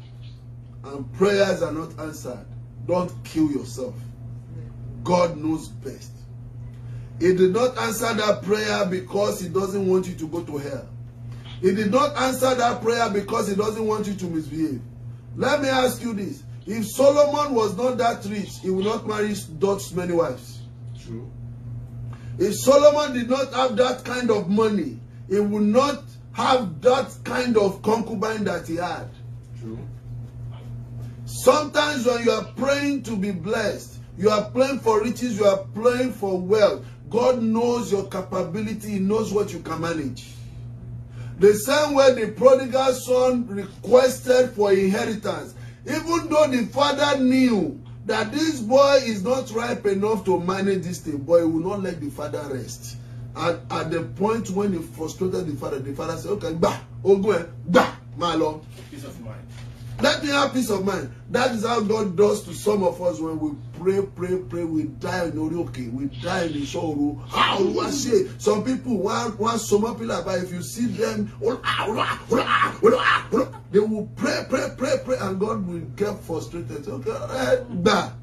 and prayers are not answered, don't kill yourself. God knows best. He did not answer that prayer because he doesn't want you to go to hell. He did not answer that prayer because he doesn't want you to misbehave. Let me ask you this. If Solomon was not that rich, he would not marry so many wives. True. If Solomon did not have that kind of money, he would not have that kind of concubine that he had. True. Sometimes when you are praying to be blessed, you are praying for riches, you are praying for wealth. God knows your capability, He knows what you can manage. The same way the prodigal son requested for inheritance, even though the father knew that this boy is not ripe enough to manage this thing, but he will not let the father rest. and at the point when he frustrated the father the father say, okay gba ogun ẹ gba máa lọ. peace of mind. let me have peace of mind that is how God does to some of us when we pray pray pray we die in orioke, we die in ìṣòro ah olúwa ṣe some people wan wan somo pillar but if you see them they will pray pray pray pray and God will get frustrated okay gba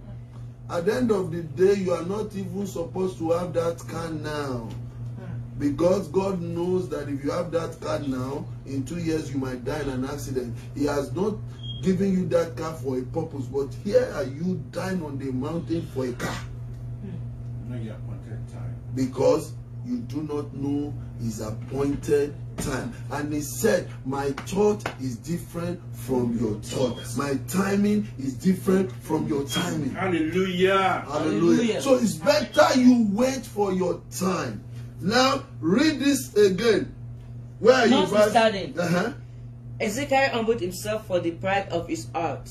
at the end of the day you are not even supposed to have that kind now. Of Because God knows that if you have that car now, in two years you might die in an accident. He has not given you that car for a purpose, but here are you dying on the mountain for a car. No, your appointed time. Because you do not know his appointed time. And he said, My thought is different from your thought. My timing is different from your timing. Hallelujah. Hallelujah. So it's better you wait for your time Now read this again. Where are Not you? starting? uh-huh. Ezekiel humbled himself for the pride of his heart,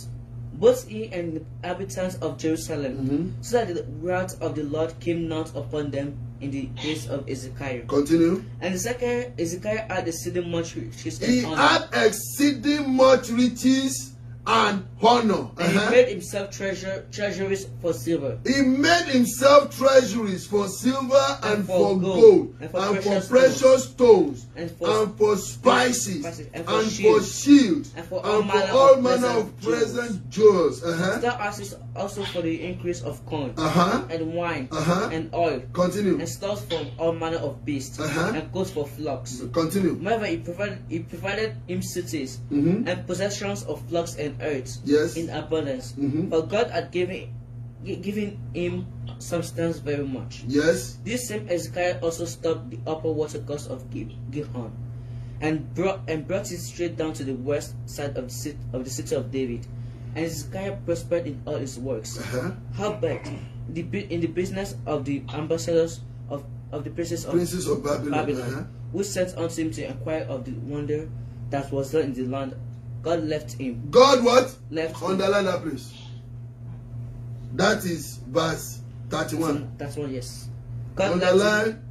both he and the inhabitants of Jerusalem, mm-hmm. so that the wrath of the Lord came not upon them in the days of Ezekiel. Continue. And Ezekiel, Ezekiel had exceeding much riches. He had exceeding much riches and honor. uh -huh. he uh-huh. made himself treasure, treasuries for silver. He made himself treasuries for silver and, and for, for gold, gold, and for and precious, for stones, stones and, for, and for, spices, and for shields, and for all, manner, all of manner of present jewels. Uh -huh. Thou also for the increase of corn uh -huh. and wine uh-huh. and oil. Continue. And stores from all manner of beasts uh-huh. and goats for flocks. Continue. Moreover, he provided, he provided him cities mm -hmm. and possessions of flocks and and earth yes. in abundance. Mm -hmm. For God had given giving him substance very much. Yes. This same Ezekiel also stopped the upper water course of Gihon and brought and brought it straight down to the west side of the city of, the city of David. And Hezekiah prospered in all his works. Uh-huh. Howbeit, the, in the business of the ambassadors of, of the princes of, princes of Babylon, Babylon uh -huh. who sent unto him to inquire of the wonder that was done in the land God left him. God what? Left Underline that place. That is verse 31. That's one, yes. God Underline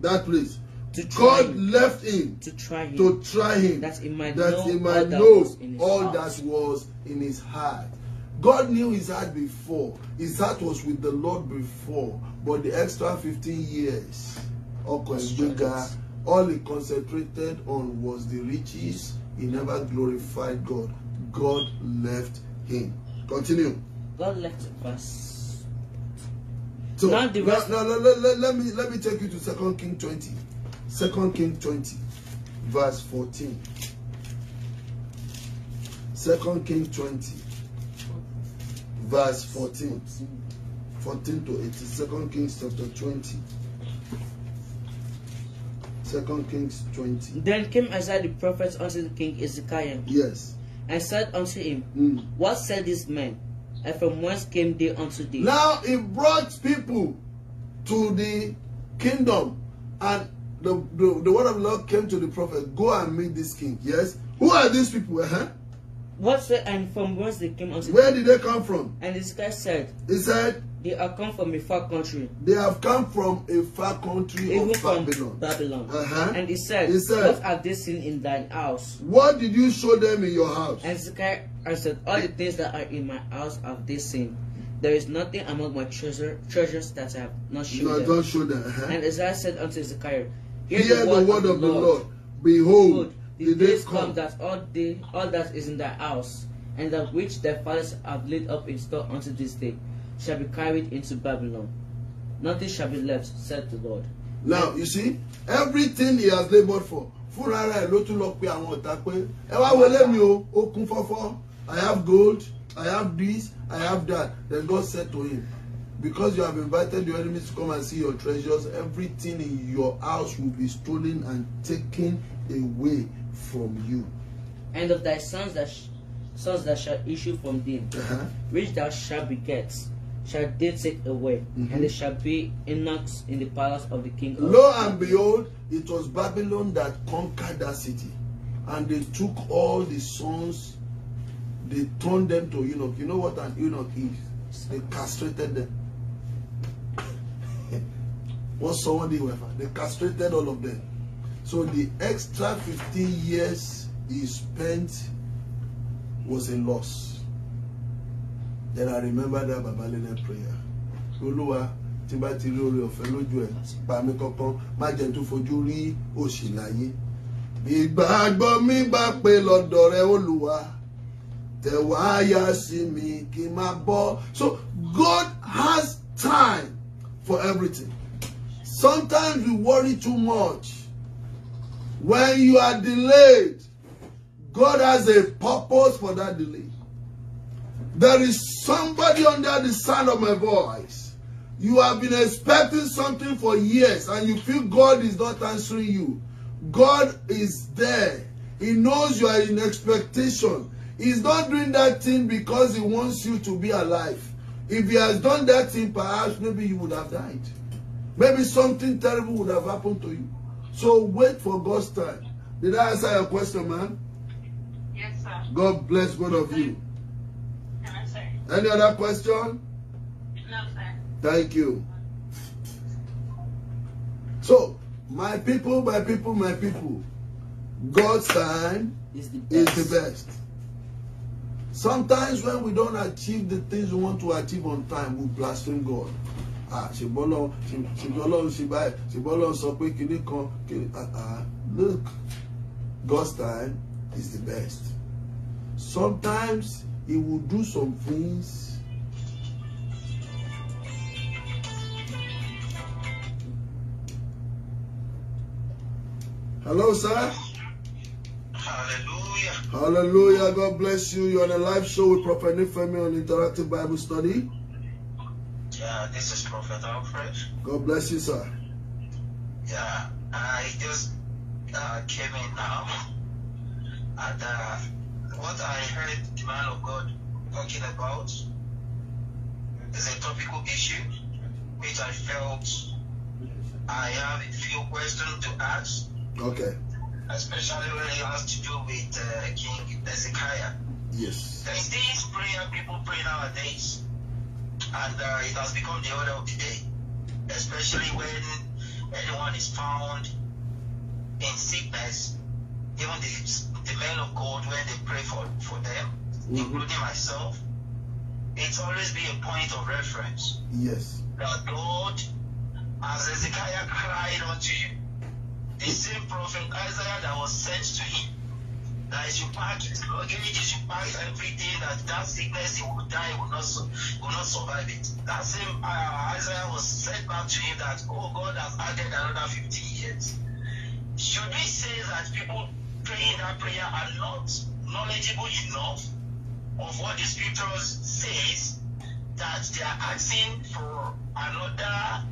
that place. To God him. left him to try him. To try him. That he might that know, he might all, that know all that was in his heart. God knew his heart before. His heart was with the Lord before. But the extra 15 years, all all he concentrated on was the riches He never glorified God. God left him. Continue. God left verse. So now, the rest... now, now let, let, let me let me take you to Second King 20. Second King 20, verse 14. Second King 20, verse 14. 14 to 18. Second Kings chapter 20. Second Kings 20. Then came Isaiah the prophet unto the king Ezekiel. Yes. And said unto him, mm. What said this man? And from whence came they unto thee? Now he brought people to the kingdom. And the, the, the word of the Lord came to the prophet, Go and meet this king. Yes. Who are these people? Uh -huh. What said, and from whence they came unto Where did they come from? And this guy said, He said, they have come from a far country. They have come from a far country Even of Babylon. Babylon. Uh -huh. And he said, he said, What have they seen in thine house? What did you show them in your house? And Zechariah answered, All the things that are in my house have they seen. There is nothing among my treasure, treasures that I have not shown no, them. Don't show them. Uh -huh. And Isaiah said unto Zechariah, Hear, Hear the, word the word, of, the Lord. Lord. Behold, Behold the, the days come. come that all, day, all that is in thy house, and that which thy fathers have laid up in store unto this day shall be carried into Babylon. Nothing shall be left, said the Lord. Now, you see, everything he has labored for, fúnra rẹ̀ ló tún pe àwọn ọ̀tá pé ẹ wá wọlé mi o, ó kún I have gold, I have this, I have that. Then God said to him, because you have invited your enemies to come and see your treasures, everything in your house will be stolen and taken away from you. And of thy sons that sons that shall issue from thee, uh -huh. which thou shalt beget shall take it away, mm -hmm. and it mm-hmm. shall be eunuchs in the palace of the king. Of Lo and behold, it was Babylon that conquered that city, and they took all the sons, they turned them to eunuch. You know what an eunuch is? They castrated them. what someone did, they castrated all of them. So the extra 15 years he spent was a loss then I remember that Babalena prayer olúwa tí bá ti rí oore ọ̀fẹ́ lójú ẹ̀ pa mí kankan má jẹ́ tó fojú rí òṣì láyé. ìgbàgbọ́ mi bá pé lọ́dọ̀ rẹ olúwa tẹ̀wá yá sí mi kí n má bọ́. So God has time for everything. Sometimes we worry too much. When you are delayed, God has a purpose for that delay. There is somebody under the sound of my voice. You have been expecting something for years and you feel God is not answering you. God is there. He knows you are in expectation. He's not doing that thing because he wants you to be alive. If he has done that thing, perhaps maybe you would have died. Maybe something terrible would have happened to you. So wait for God's time. Did I answer your question, man? Yes, sir. God bless both of you. Any other question? No, sir. Thank you. So, my people, my people, my people, God's time is the best. Is the best. Sometimes when we don't achieve the things we want to achieve on time, we blaspheme God. Ah, she ṣèbọ́lọ́ ṣèbọ́lọ́ ṣe báyìí ṣèbọ́lọ́ sọ pé kinní kan kinní ah, ah look God's time is the best. Sometimes he will do some things hello sir hallelujah hallelujah god bless you you're on a live show with prophet Nifemi on interactive bible study yeah this is prophet alfred god bless you sir yeah i just uh, came in now and uh, what i heard man of God talking about is a topical issue which I felt I have a few questions to ask. Okay. Especially when it has to do with uh, King Ezekiah. Yes. There is this prayer people pray nowadays, and uh, it has become the order of the day, especially when anyone is found in sickness, even the, the men of God, when they pray for, for them mm-hmm. including myself, it's always be a point of reference. Yes. That God, as Ezekiel cried unto you, the same prophet Isaiah that was sent to him, that is you pack it. Okay, you should pack everything, that that sickness, he will die, he will not, will not survive it. That same uh, Isaiah was sent back to him that, oh, God has added another 15 years. Should we say that people praying that prayer are not knowledgeable enough of what the scriptures says that they are asking for another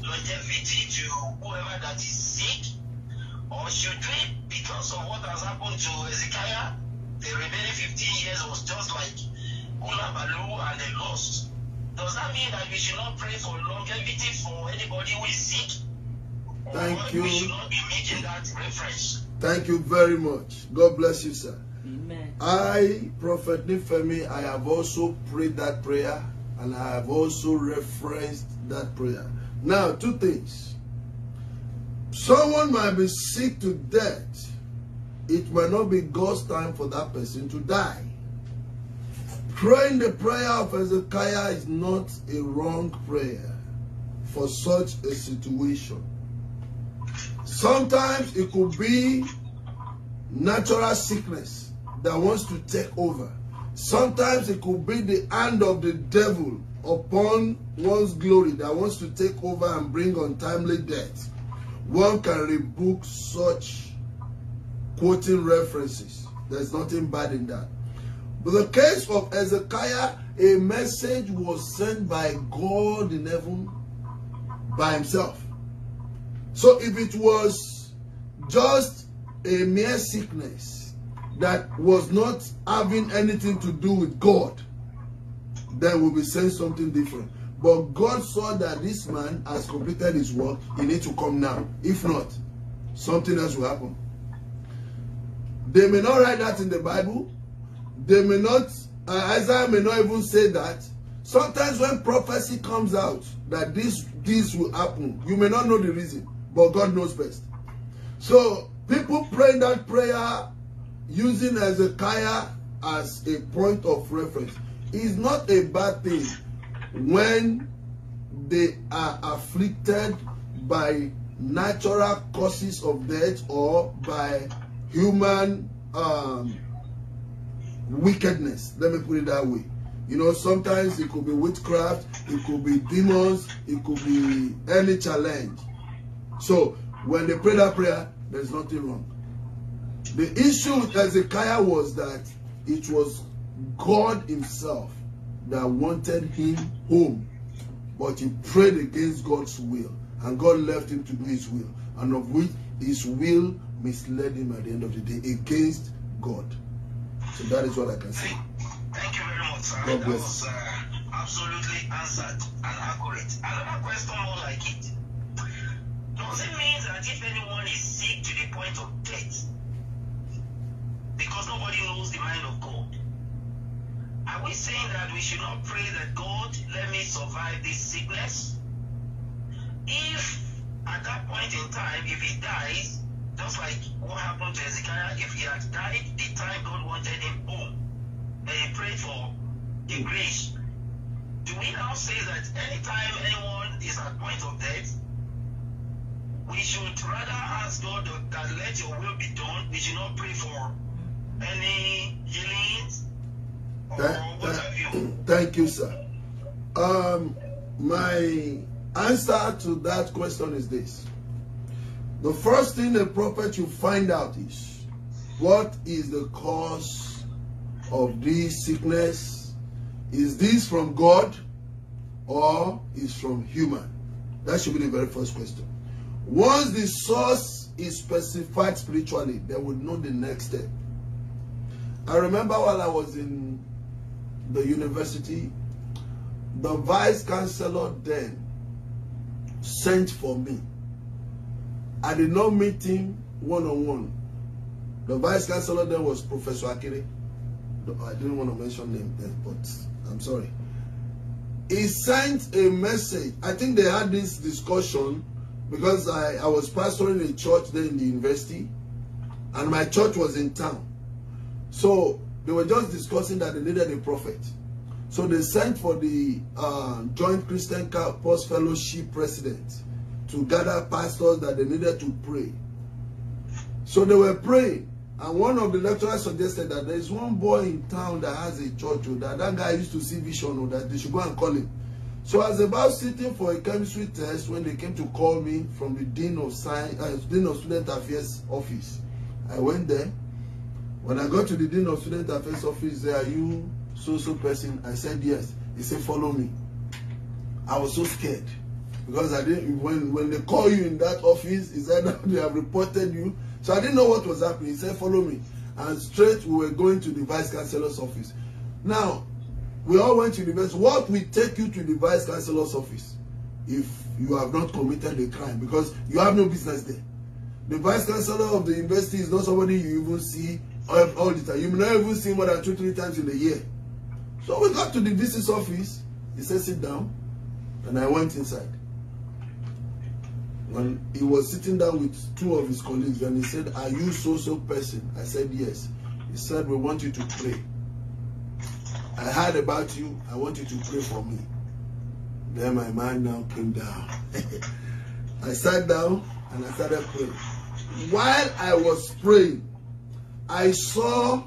longevity to whoever that is sick? Or should we, because of what has happened to Ezekiah, the remaining 15 years was just like Kulabalu and they lost? Does that mean that we should not pray for longevity for anybody who is sick? Thank or you. We should not be making that reference. Thank you very much. God bless you, sir. Amen. I, Prophet Nifemi, I have also prayed that prayer and I have also referenced that prayer. Now, two things. Someone might be sick to death. It might not be God's time for that person to die. Praying the prayer of Hezekiah is not a wrong prayer for such a situation. Sometimes it could be natural sickness that wants to take over. Sometimes it could be the hand of the devil upon one's glory that wants to take over and bring untimely death. One can rebuke such quoting references. There's nothing bad in that. But the case of Ezekiah, a message was sent by God in heaven by himself. So if it was just a mere sickness, that was not having anything to do with God, then we'll be saying something different. But God saw that this man has completed his work. He needs to come now. If not, something else will happen. They may not write that in the Bible. They may not, uh, Isaiah may not even say that. Sometimes when prophecy comes out that this, this will happen, you may not know the reason, but God knows best. So people praying that prayer using Hezekiah as a point of reference is not a bad thing when they are afflicted by natural causes of death or by human um, wickedness. Let me put it that way. You know, sometimes it could be witchcraft, it could be demons, it could be any challenge. So when they pray that prayer, there's nothing wrong. The issue with Hezekiah was that it was God himself that wanted him home. But he prayed against God's will. And God left him to do his will. And of which his will misled him at the end of the day against God. So that is what I can say. Thank you very much, sir. God bless. was uh, absolutely answered. Thank you, sir. Um, my answer to that question is this. The first thing a prophet should find out is what is the cause of this sickness? Is this from God or is from human? That should be the very first question. Once the source is specified spiritually, they will know the next step. I remember while I was in the university, the vice chancellor then sent for me. I did not meet him one on one. The vice chancellor then was Professor Akere. I didn't want to mention name then, but I'm sorry. He sent a message. I think they had this discussion because I, I was pastoring a church then in the university, and my church was in town. So They were just discussing that they needed a prophet. So they sent for the uh, Joint Christian Post Fellowship president to gather pastors that they needed to pray. So they were praying. And one of the lecturers suggested that there is one boy in town that has a church oh, that that guy used to see vision or oh, that they should go and call him. So I was about sitting for a chemistry test when they came to call me from the Dean of Science, uh, Dean of Student Affairs office, I went there When I go to the Dean of Student Affairs office there, you so so person, I said yes. He said, follow me. I was so scared because I didn't when when they call you in that office, he said they have reported you. So I didn't know what was happening. He said, follow me. And straight we were going to the vice chancellor's office. Now, we all went to the vice. What will take you to the vice chancellor's office if you have not committed a crime? Because you have no business there. The vice chancellor of the university is not somebody you even see all, the time. You may not even see more than two, three times in a year. So we got to the VC's office. He said, sit down. And I went inside. When he was sitting down with two of his colleagues and he said, are you so-so person? I said, yes. He said, we want you to pray. I heard about you. I want you to pray for me. Then my mind now came down. I sat down and I started praying. While I was praying, I saw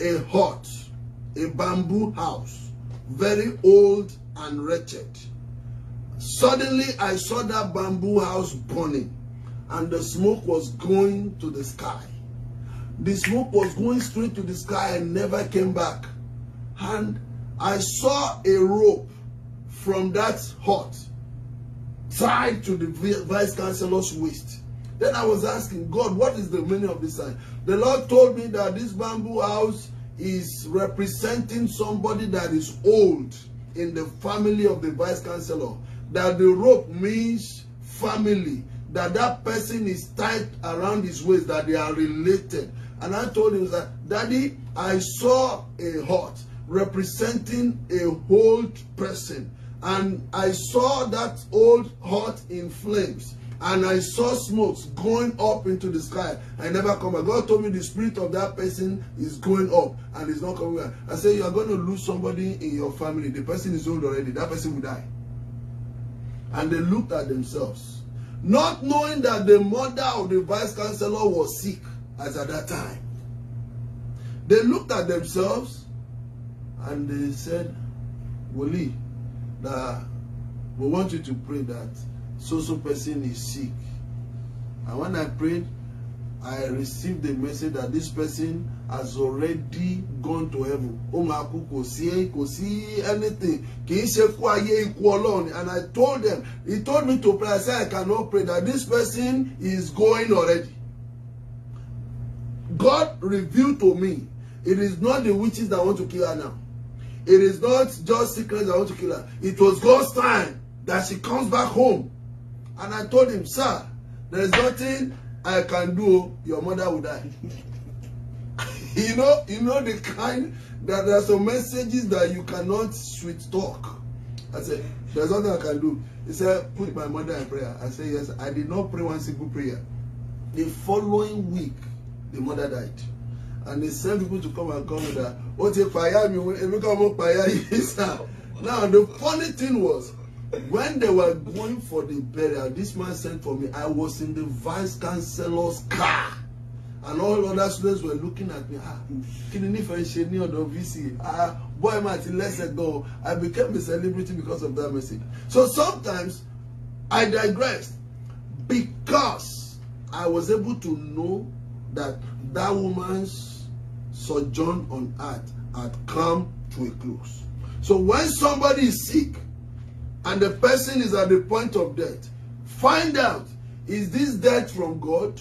a hut, a bamboo house, very old and wretched. Suddenly, I saw that bamboo house burning, and the smoke was going to the sky. The smoke was going straight to the sky and never came back. And I saw a rope from that hut tied to the vice chancellor's waist. Then I was asking God, what is the meaning of this sign? The Lord told me that this bamboo house is representing somebody that is old in the family of the vice chancellor. That the rope means family. That that person is tied around his waist. That they are related. And I told him that, Daddy, I saw a heart representing a old person. And I saw that old heart in flames and I saw smokes going up into the sky. I never come back. God told me the spirit of that person is going up and is not coming back. I said, you are going to lose somebody in your family. The person is old already. That person will die. And they looked at themselves, not knowing that the mother of the vice chancellor was sick as at that time. They looked at themselves and they said, Woli, that we want you to pray that so so person is sick. And when I prayed, I received the message that this person has already gone to heaven. Ó máa kú kò sí kò anything kì í ṣe kú ayé ikú and I told them he told me to pray I said I cannot pray that this person is going already. God revealed to me it is not the witches that want to kill her now. It is not just secrets that want to kill her. It was God's time that she comes back home And I told him, sir, there's nothing I can do. Your mother will die. you know, you know the kind that there are some messages that you cannot sweet talk. I said, there's nothing I can do. He said, put my mother in prayer. I said, yes, I did not pray one single prayer. The following week, the mother died. And they sent people to come and come with her. Now, the funny thing was, when they were going for the burial this man sent for me i was in the vice chancellor's car and all other students were looking at me ah kí ni nífẹ̀ẹ́ ṣe ní ọ̀dọ̀ vc ah boy ma ti lẹ́sẹ̀ gan i became a celebrity because of that message so sometimes i digress because i was able to know that that woman's sojourn on earth had come to a close so when somebody is sick and the person is at the point of death, find out, is this death from God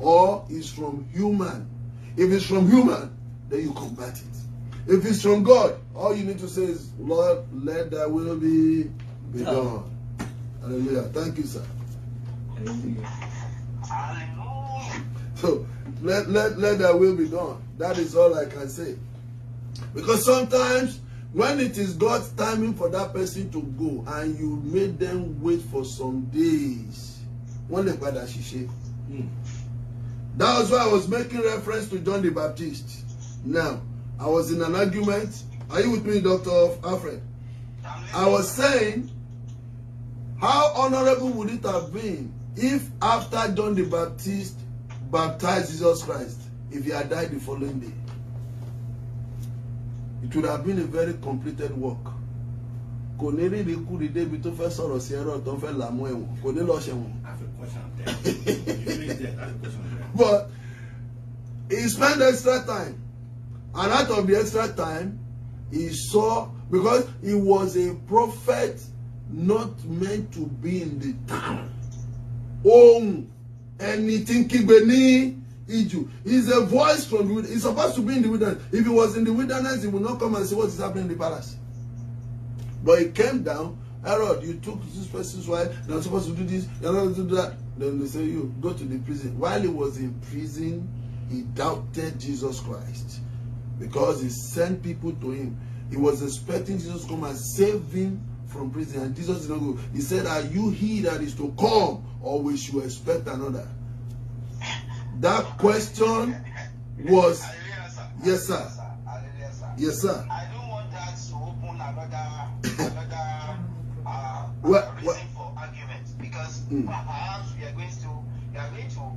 or is from human? If it's from human, then you combat it. If it's from God, all you need to say is, Lord, let thy will be, be done. Hallelujah. Thank you, sir. Hallelujah. So, let, let, let thy will be done. That is all I can say. Because sometimes when it is God's timing for that person to go and you made them wait for some days wọ́n lè padà ṣiṣẹ́ hmm. that was why I was making reference to John the Baptist now I was in an argument are you with me Dr. Alfred I was saying how honourable would it have been if after John the Baptist baptized Jesus Christ if he had died the following day it would have been a very completed work kò ní rírì kúri débi tó fẹ́ sọ̀rọ̀ sí ẹ̀rọ tó fẹ́ làmú ẹ̀wọ̀n kò ní lọ ṣẹ̀wọ̀n. but he spent extra time and out of the extra time he saw because he was a prophet not meant to be in the town. ohun ẹni tí ń kígbe ní. Egypt. a voice from the wilderness. He's supposed to be in the wilderness. If he was in the wilderness, he would not come and see what is happening in the palace. But he came down. Herod, you took this person's wife. You're not supposed to do this. You're not supposed to do that. Then they say, you go to the prison. While he was in prison, he doubted Jesus Christ. Because he sent people to him. He was expecting Jesus to come and save him from prison. And Jesus did not go. He said, are you he that is to come? Or we should expect another? That question was yes, sir. Yes, sir. I don't want that to open another another uh, reason for argument because mm. perhaps we are going to we are going to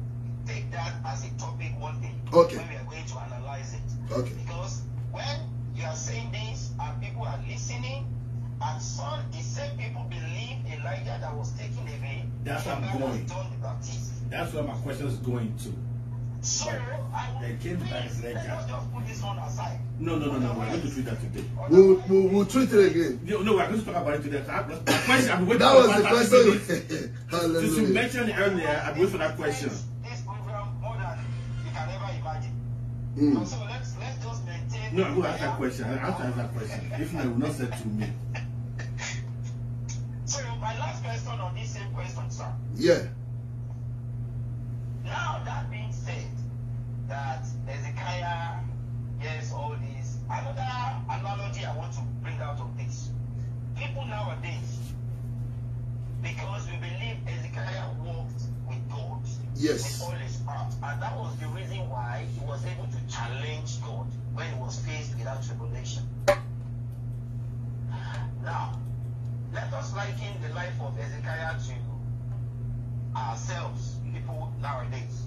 take that as a topic one day okay. when we are going to analyze it. Okay. Because when you are saying this and people are listening, and some the same people believe Elijah that was taken away. That's what I'm going. That's where my question is going to. Sorry, the came back later. No, no, no, no. We're going to treat that today. We'll, we'll, we'll treat it again. No, no, we're going to talk about it today. Question, I'm that was the question. Hallelujah. Since you mentioned earlier, I'm waiting for that question. This program more than you can ever imagine. Mm. So let's, let's just maintain. No, I will ask that question. I have to ask that question. If not, it will not say to me. so my last question on this same question, sir. Yeah. Yes. The all his up. And that was the reason why he was able to challenge God when he was faced with that tribulation. Now, let us liken the life of Hezekiah to ourselves, people nowadays,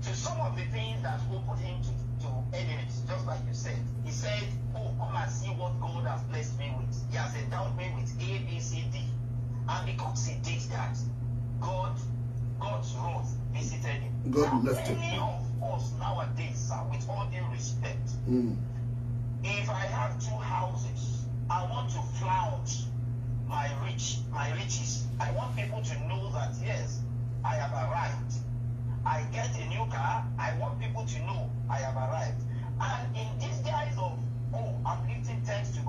to some of the things that opened him to, to enemies, just like you said. He said, Oh, come and see what God has blessed me with. He has endowed me with A, B, C, D. And because he did that, God God's wrath visited him. God left many of us nowadays, sir, with all due respect, mm. if I have two houses, I want to flaunt my rich, my riches. I want people to know that yes, I have arrived. I get a new car. I want people to know I have arrived. And in these guise of oh, I'm lifting thanks to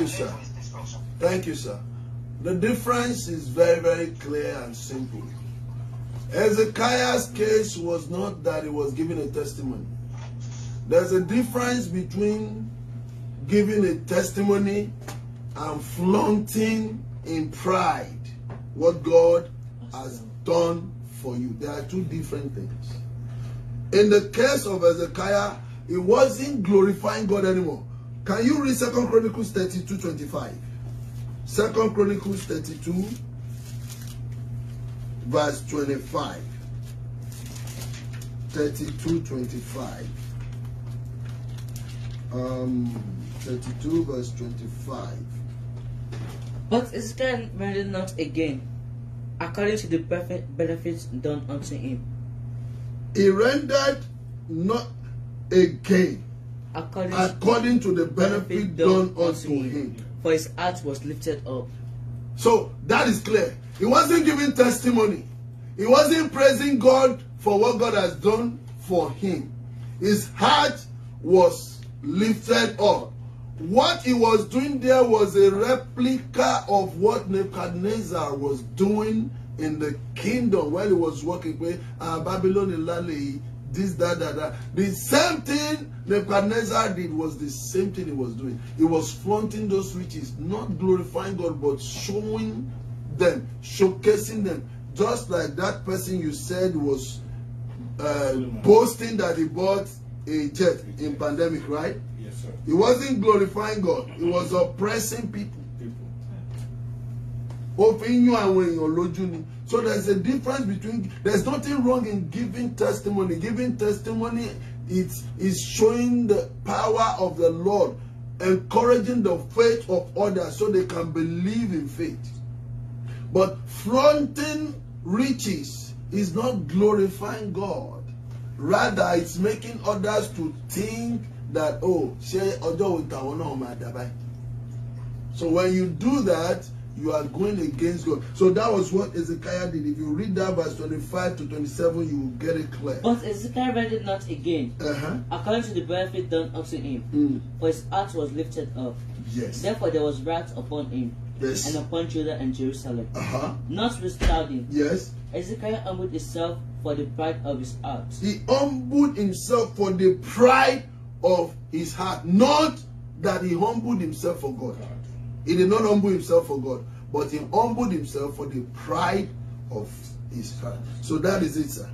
you, sir. Thank you, sir. The difference is very, very clear and simple. Hezekiah's case was not that he was giving a testimony. There's a difference between giving a testimony and flaunting in pride what God has done for you. There are two different things. In the case of Hezekiah, he wasn't glorifying God anymore. Can you read Second Chronicles 32 25? Second Chronicles 32, verse 25. 32 25. Um, 32 verse 25. But Israel married not again, according to the perfect benefits done unto him. He rendered not again according, according to the benefit done unto him. For his heart was lifted up. So that is clear. He wasn't giving testimony. He wasn't praising God for what God has done for him. His heart was lifted up. What he was doing there was a replica of what Nebuchadnezzar was doing in the kingdom while he was working with ah, uh, Babylon this, that, that, that. The same thing Nebuchadnezzar did was the same thing he was doing. He was flaunting those riches, not glorifying God, but showing them, showcasing them. Just like that person you said was uh, boasting that he bought a jet in pandemic, right? Yes, sir. He wasn't glorifying God. He was oppressing people. People. Ó fi ń yún àwọn èèyàn So there's a difference between, there's nothing wrong in giving testimony. Giving testimony it is showing the power of the Lord, encouraging the faith of others so they can believe in faith. But flaunting riches is not glorifying God. Rather, it's making others to think that, oh, share with So when you do that, you are going against God. So that was what Ezekiah did. If you read that verse 25 to 27, you will get it clear. But Ezekiah read it not again, uh -huh. according to the benefit done unto him, mm. for his heart was lifted up. Yes. Therefore there was wrath upon him. Yes. And upon Judah and Jerusalem. Uh-huh. Notwithstanding. Yes. Ezekiah humbled himself for the pride of his heart. He humbled himself for the pride of his heart. Not that he humbled himself for God. He did not humble himself for God but he humbled himself for the pride of his heart. So that is it, sir.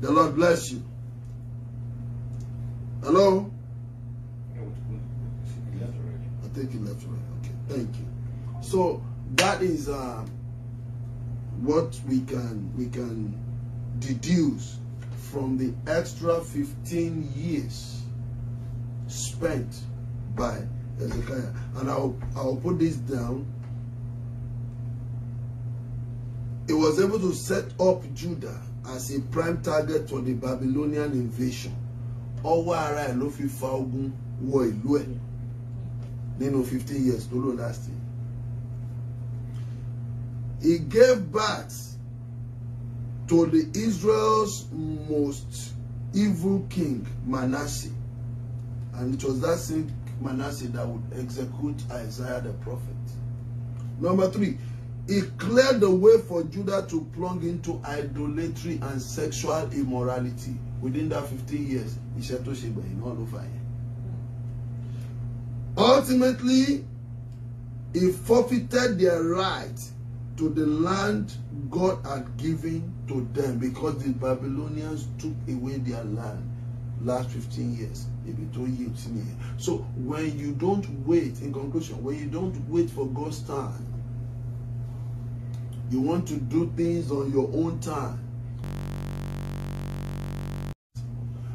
The Lord bless you. Hello? I think he left already. Okay, thank you. So that is uh, what we can we can deduce from the extra 15 years spent by Hezekiah. And I'll, I'll put this down. He was able to set up Judah as a prime target for the Babylonian invasion. Ọwọ́ ara ẹ̀ ló fi fa ogun wọ ìlú ẹ̀ nínú 15 years tó lò last year. He gave birth to the Israel's most evil king Manasseh and it was that same Manasseh that would execute Isaiah the prophet. Number three, he cleared the way for Judah to plunge into idolatry and sexual immorality within that 15 years. He said to Sheba, all over here. Ultimately, he forfeited their right to the land God had given to them because the Babylonians took away their land. last 15 years ibi tó yí ti nìyẹn so when you don't wait in conclusion when you don't wait for God's time you want to do things on your own time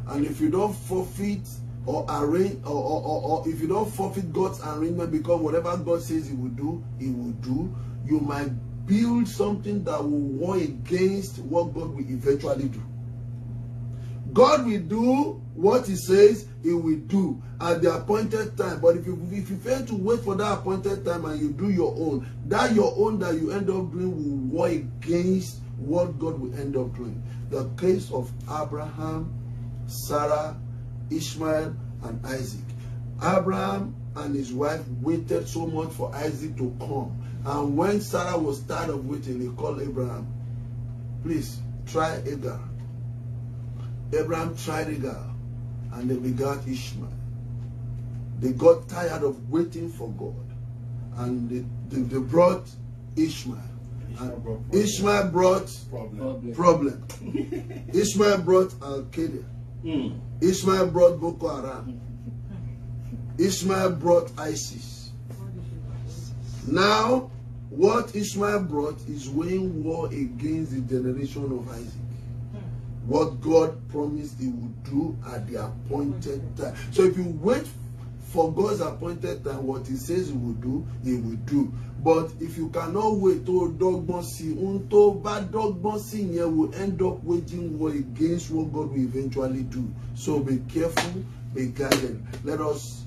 and if you don't forfeit or arrange or, or, or, or if you don't forfeit God's arrangement because whatever God says he will do he will do you might build something that will war against what God will eventually do God will do what he says he will do at the appointed time. But if you, if you fail to wait for that appointed time and you do your own, that your own that you end up doing will war against what God will end up doing. The case of Abraham, Sarah, Ishmael, and Isaac. Abraham and his wife waited so much for Isaac to come. And when Sarah was tired of waiting, he called Abraham, please try Agar. Abraham tried Hagar and they begot Ishmael. They got tired of waiting for God and they, they, they brought Ishmael. Ishmael and brought, problem. Ishmael brought problem. brought Al Qaeda. Hmm. Ishmael brought Boko Haram. Ishmael brought ISIS. Now, what Ishmael brought is weighing war against the generation of Isaac what God promised He would do at the appointed time. So if you wait for God's appointed time, what He says He will do, He will do. But if you cannot wait to oh, dọ́gbọ́n sí, ohun tó bá dọ́gbọ́n sí will end up waging war against what God will eventually do. So be careful, be guided. Let us,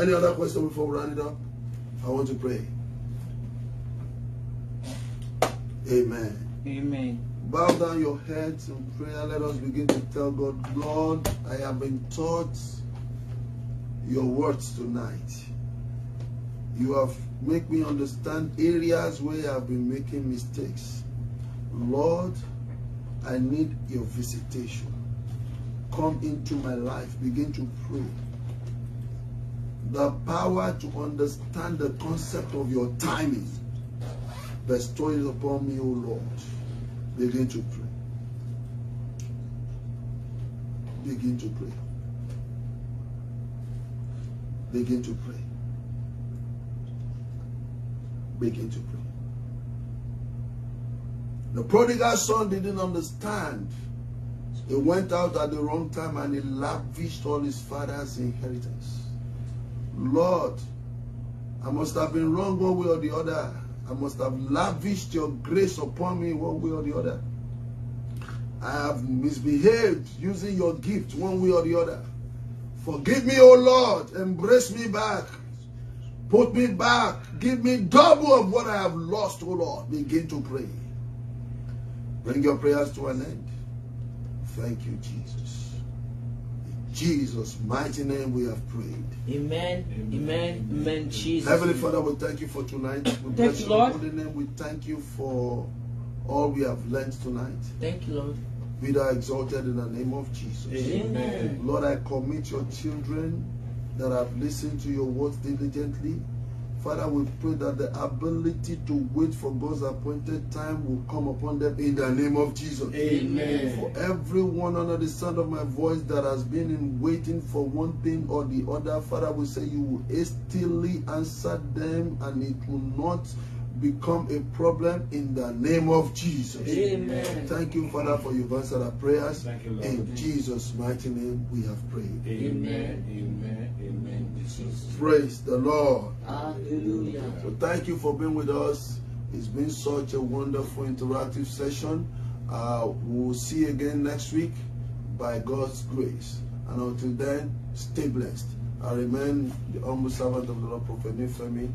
any other question before we round it up? I want to pray. Amen. Amen. Bow down your heads in prayer. Let us begin to tell God, Lord, I have been taught your words tonight. You have made me understand areas where I've been making mistakes. Lord, I need your visitation. Come into my life. Begin to pray. The power to understand the concept of your timing bestow it upon me, O Lord. Begin to pray. Begin to pray. Begin to pray. Begin to pray. The prodigal son didn't understand. He went out at the wrong time and he lavished all his father's inheritance. Lord, I must have been wrong one way or the other. I must have lavished your grace upon me one way or the other. I have misbehaved using your gift one way or the other. Forgive me, O Lord. Embrace me back. Put me back. Give me double of what I have lost, O Lord. Begin to pray. Bring your prayers to an end. Thank you, Jesus. Jesus' mighty name we have prayed. Amen. Amen. Amen. Amen. Jesus. Heavenly Father, we thank you for tonight. We thank bless you, Lord. Holy name. We thank you for all we have learned tonight. Thank you, Lord. We are exalted in the name of Jesus. Amen. Lord, I commit your children that have listened to your words diligently Father, we pray that the ability to wait for God's appointed time will come upon them in the name of Jesus. Amen. For everyone under the sound of my voice that has been in waiting for one thing or the other, Father, we say you will hastily answer them and it will not become a problem in the name of Jesus. Amen. Thank you, Father, for your answer our prayers. You, in Jesus' mighty name we have prayed. Amen. Amen. Amen. Jesus. Praise the Lord. Hallelujah. So thank you for being with us. It's been such a wonderful interactive session. Uh, we'll see you again next week by God's grace. And until then, stay blessed. I remain the humble servant of the Lord, Prophet Nifemi.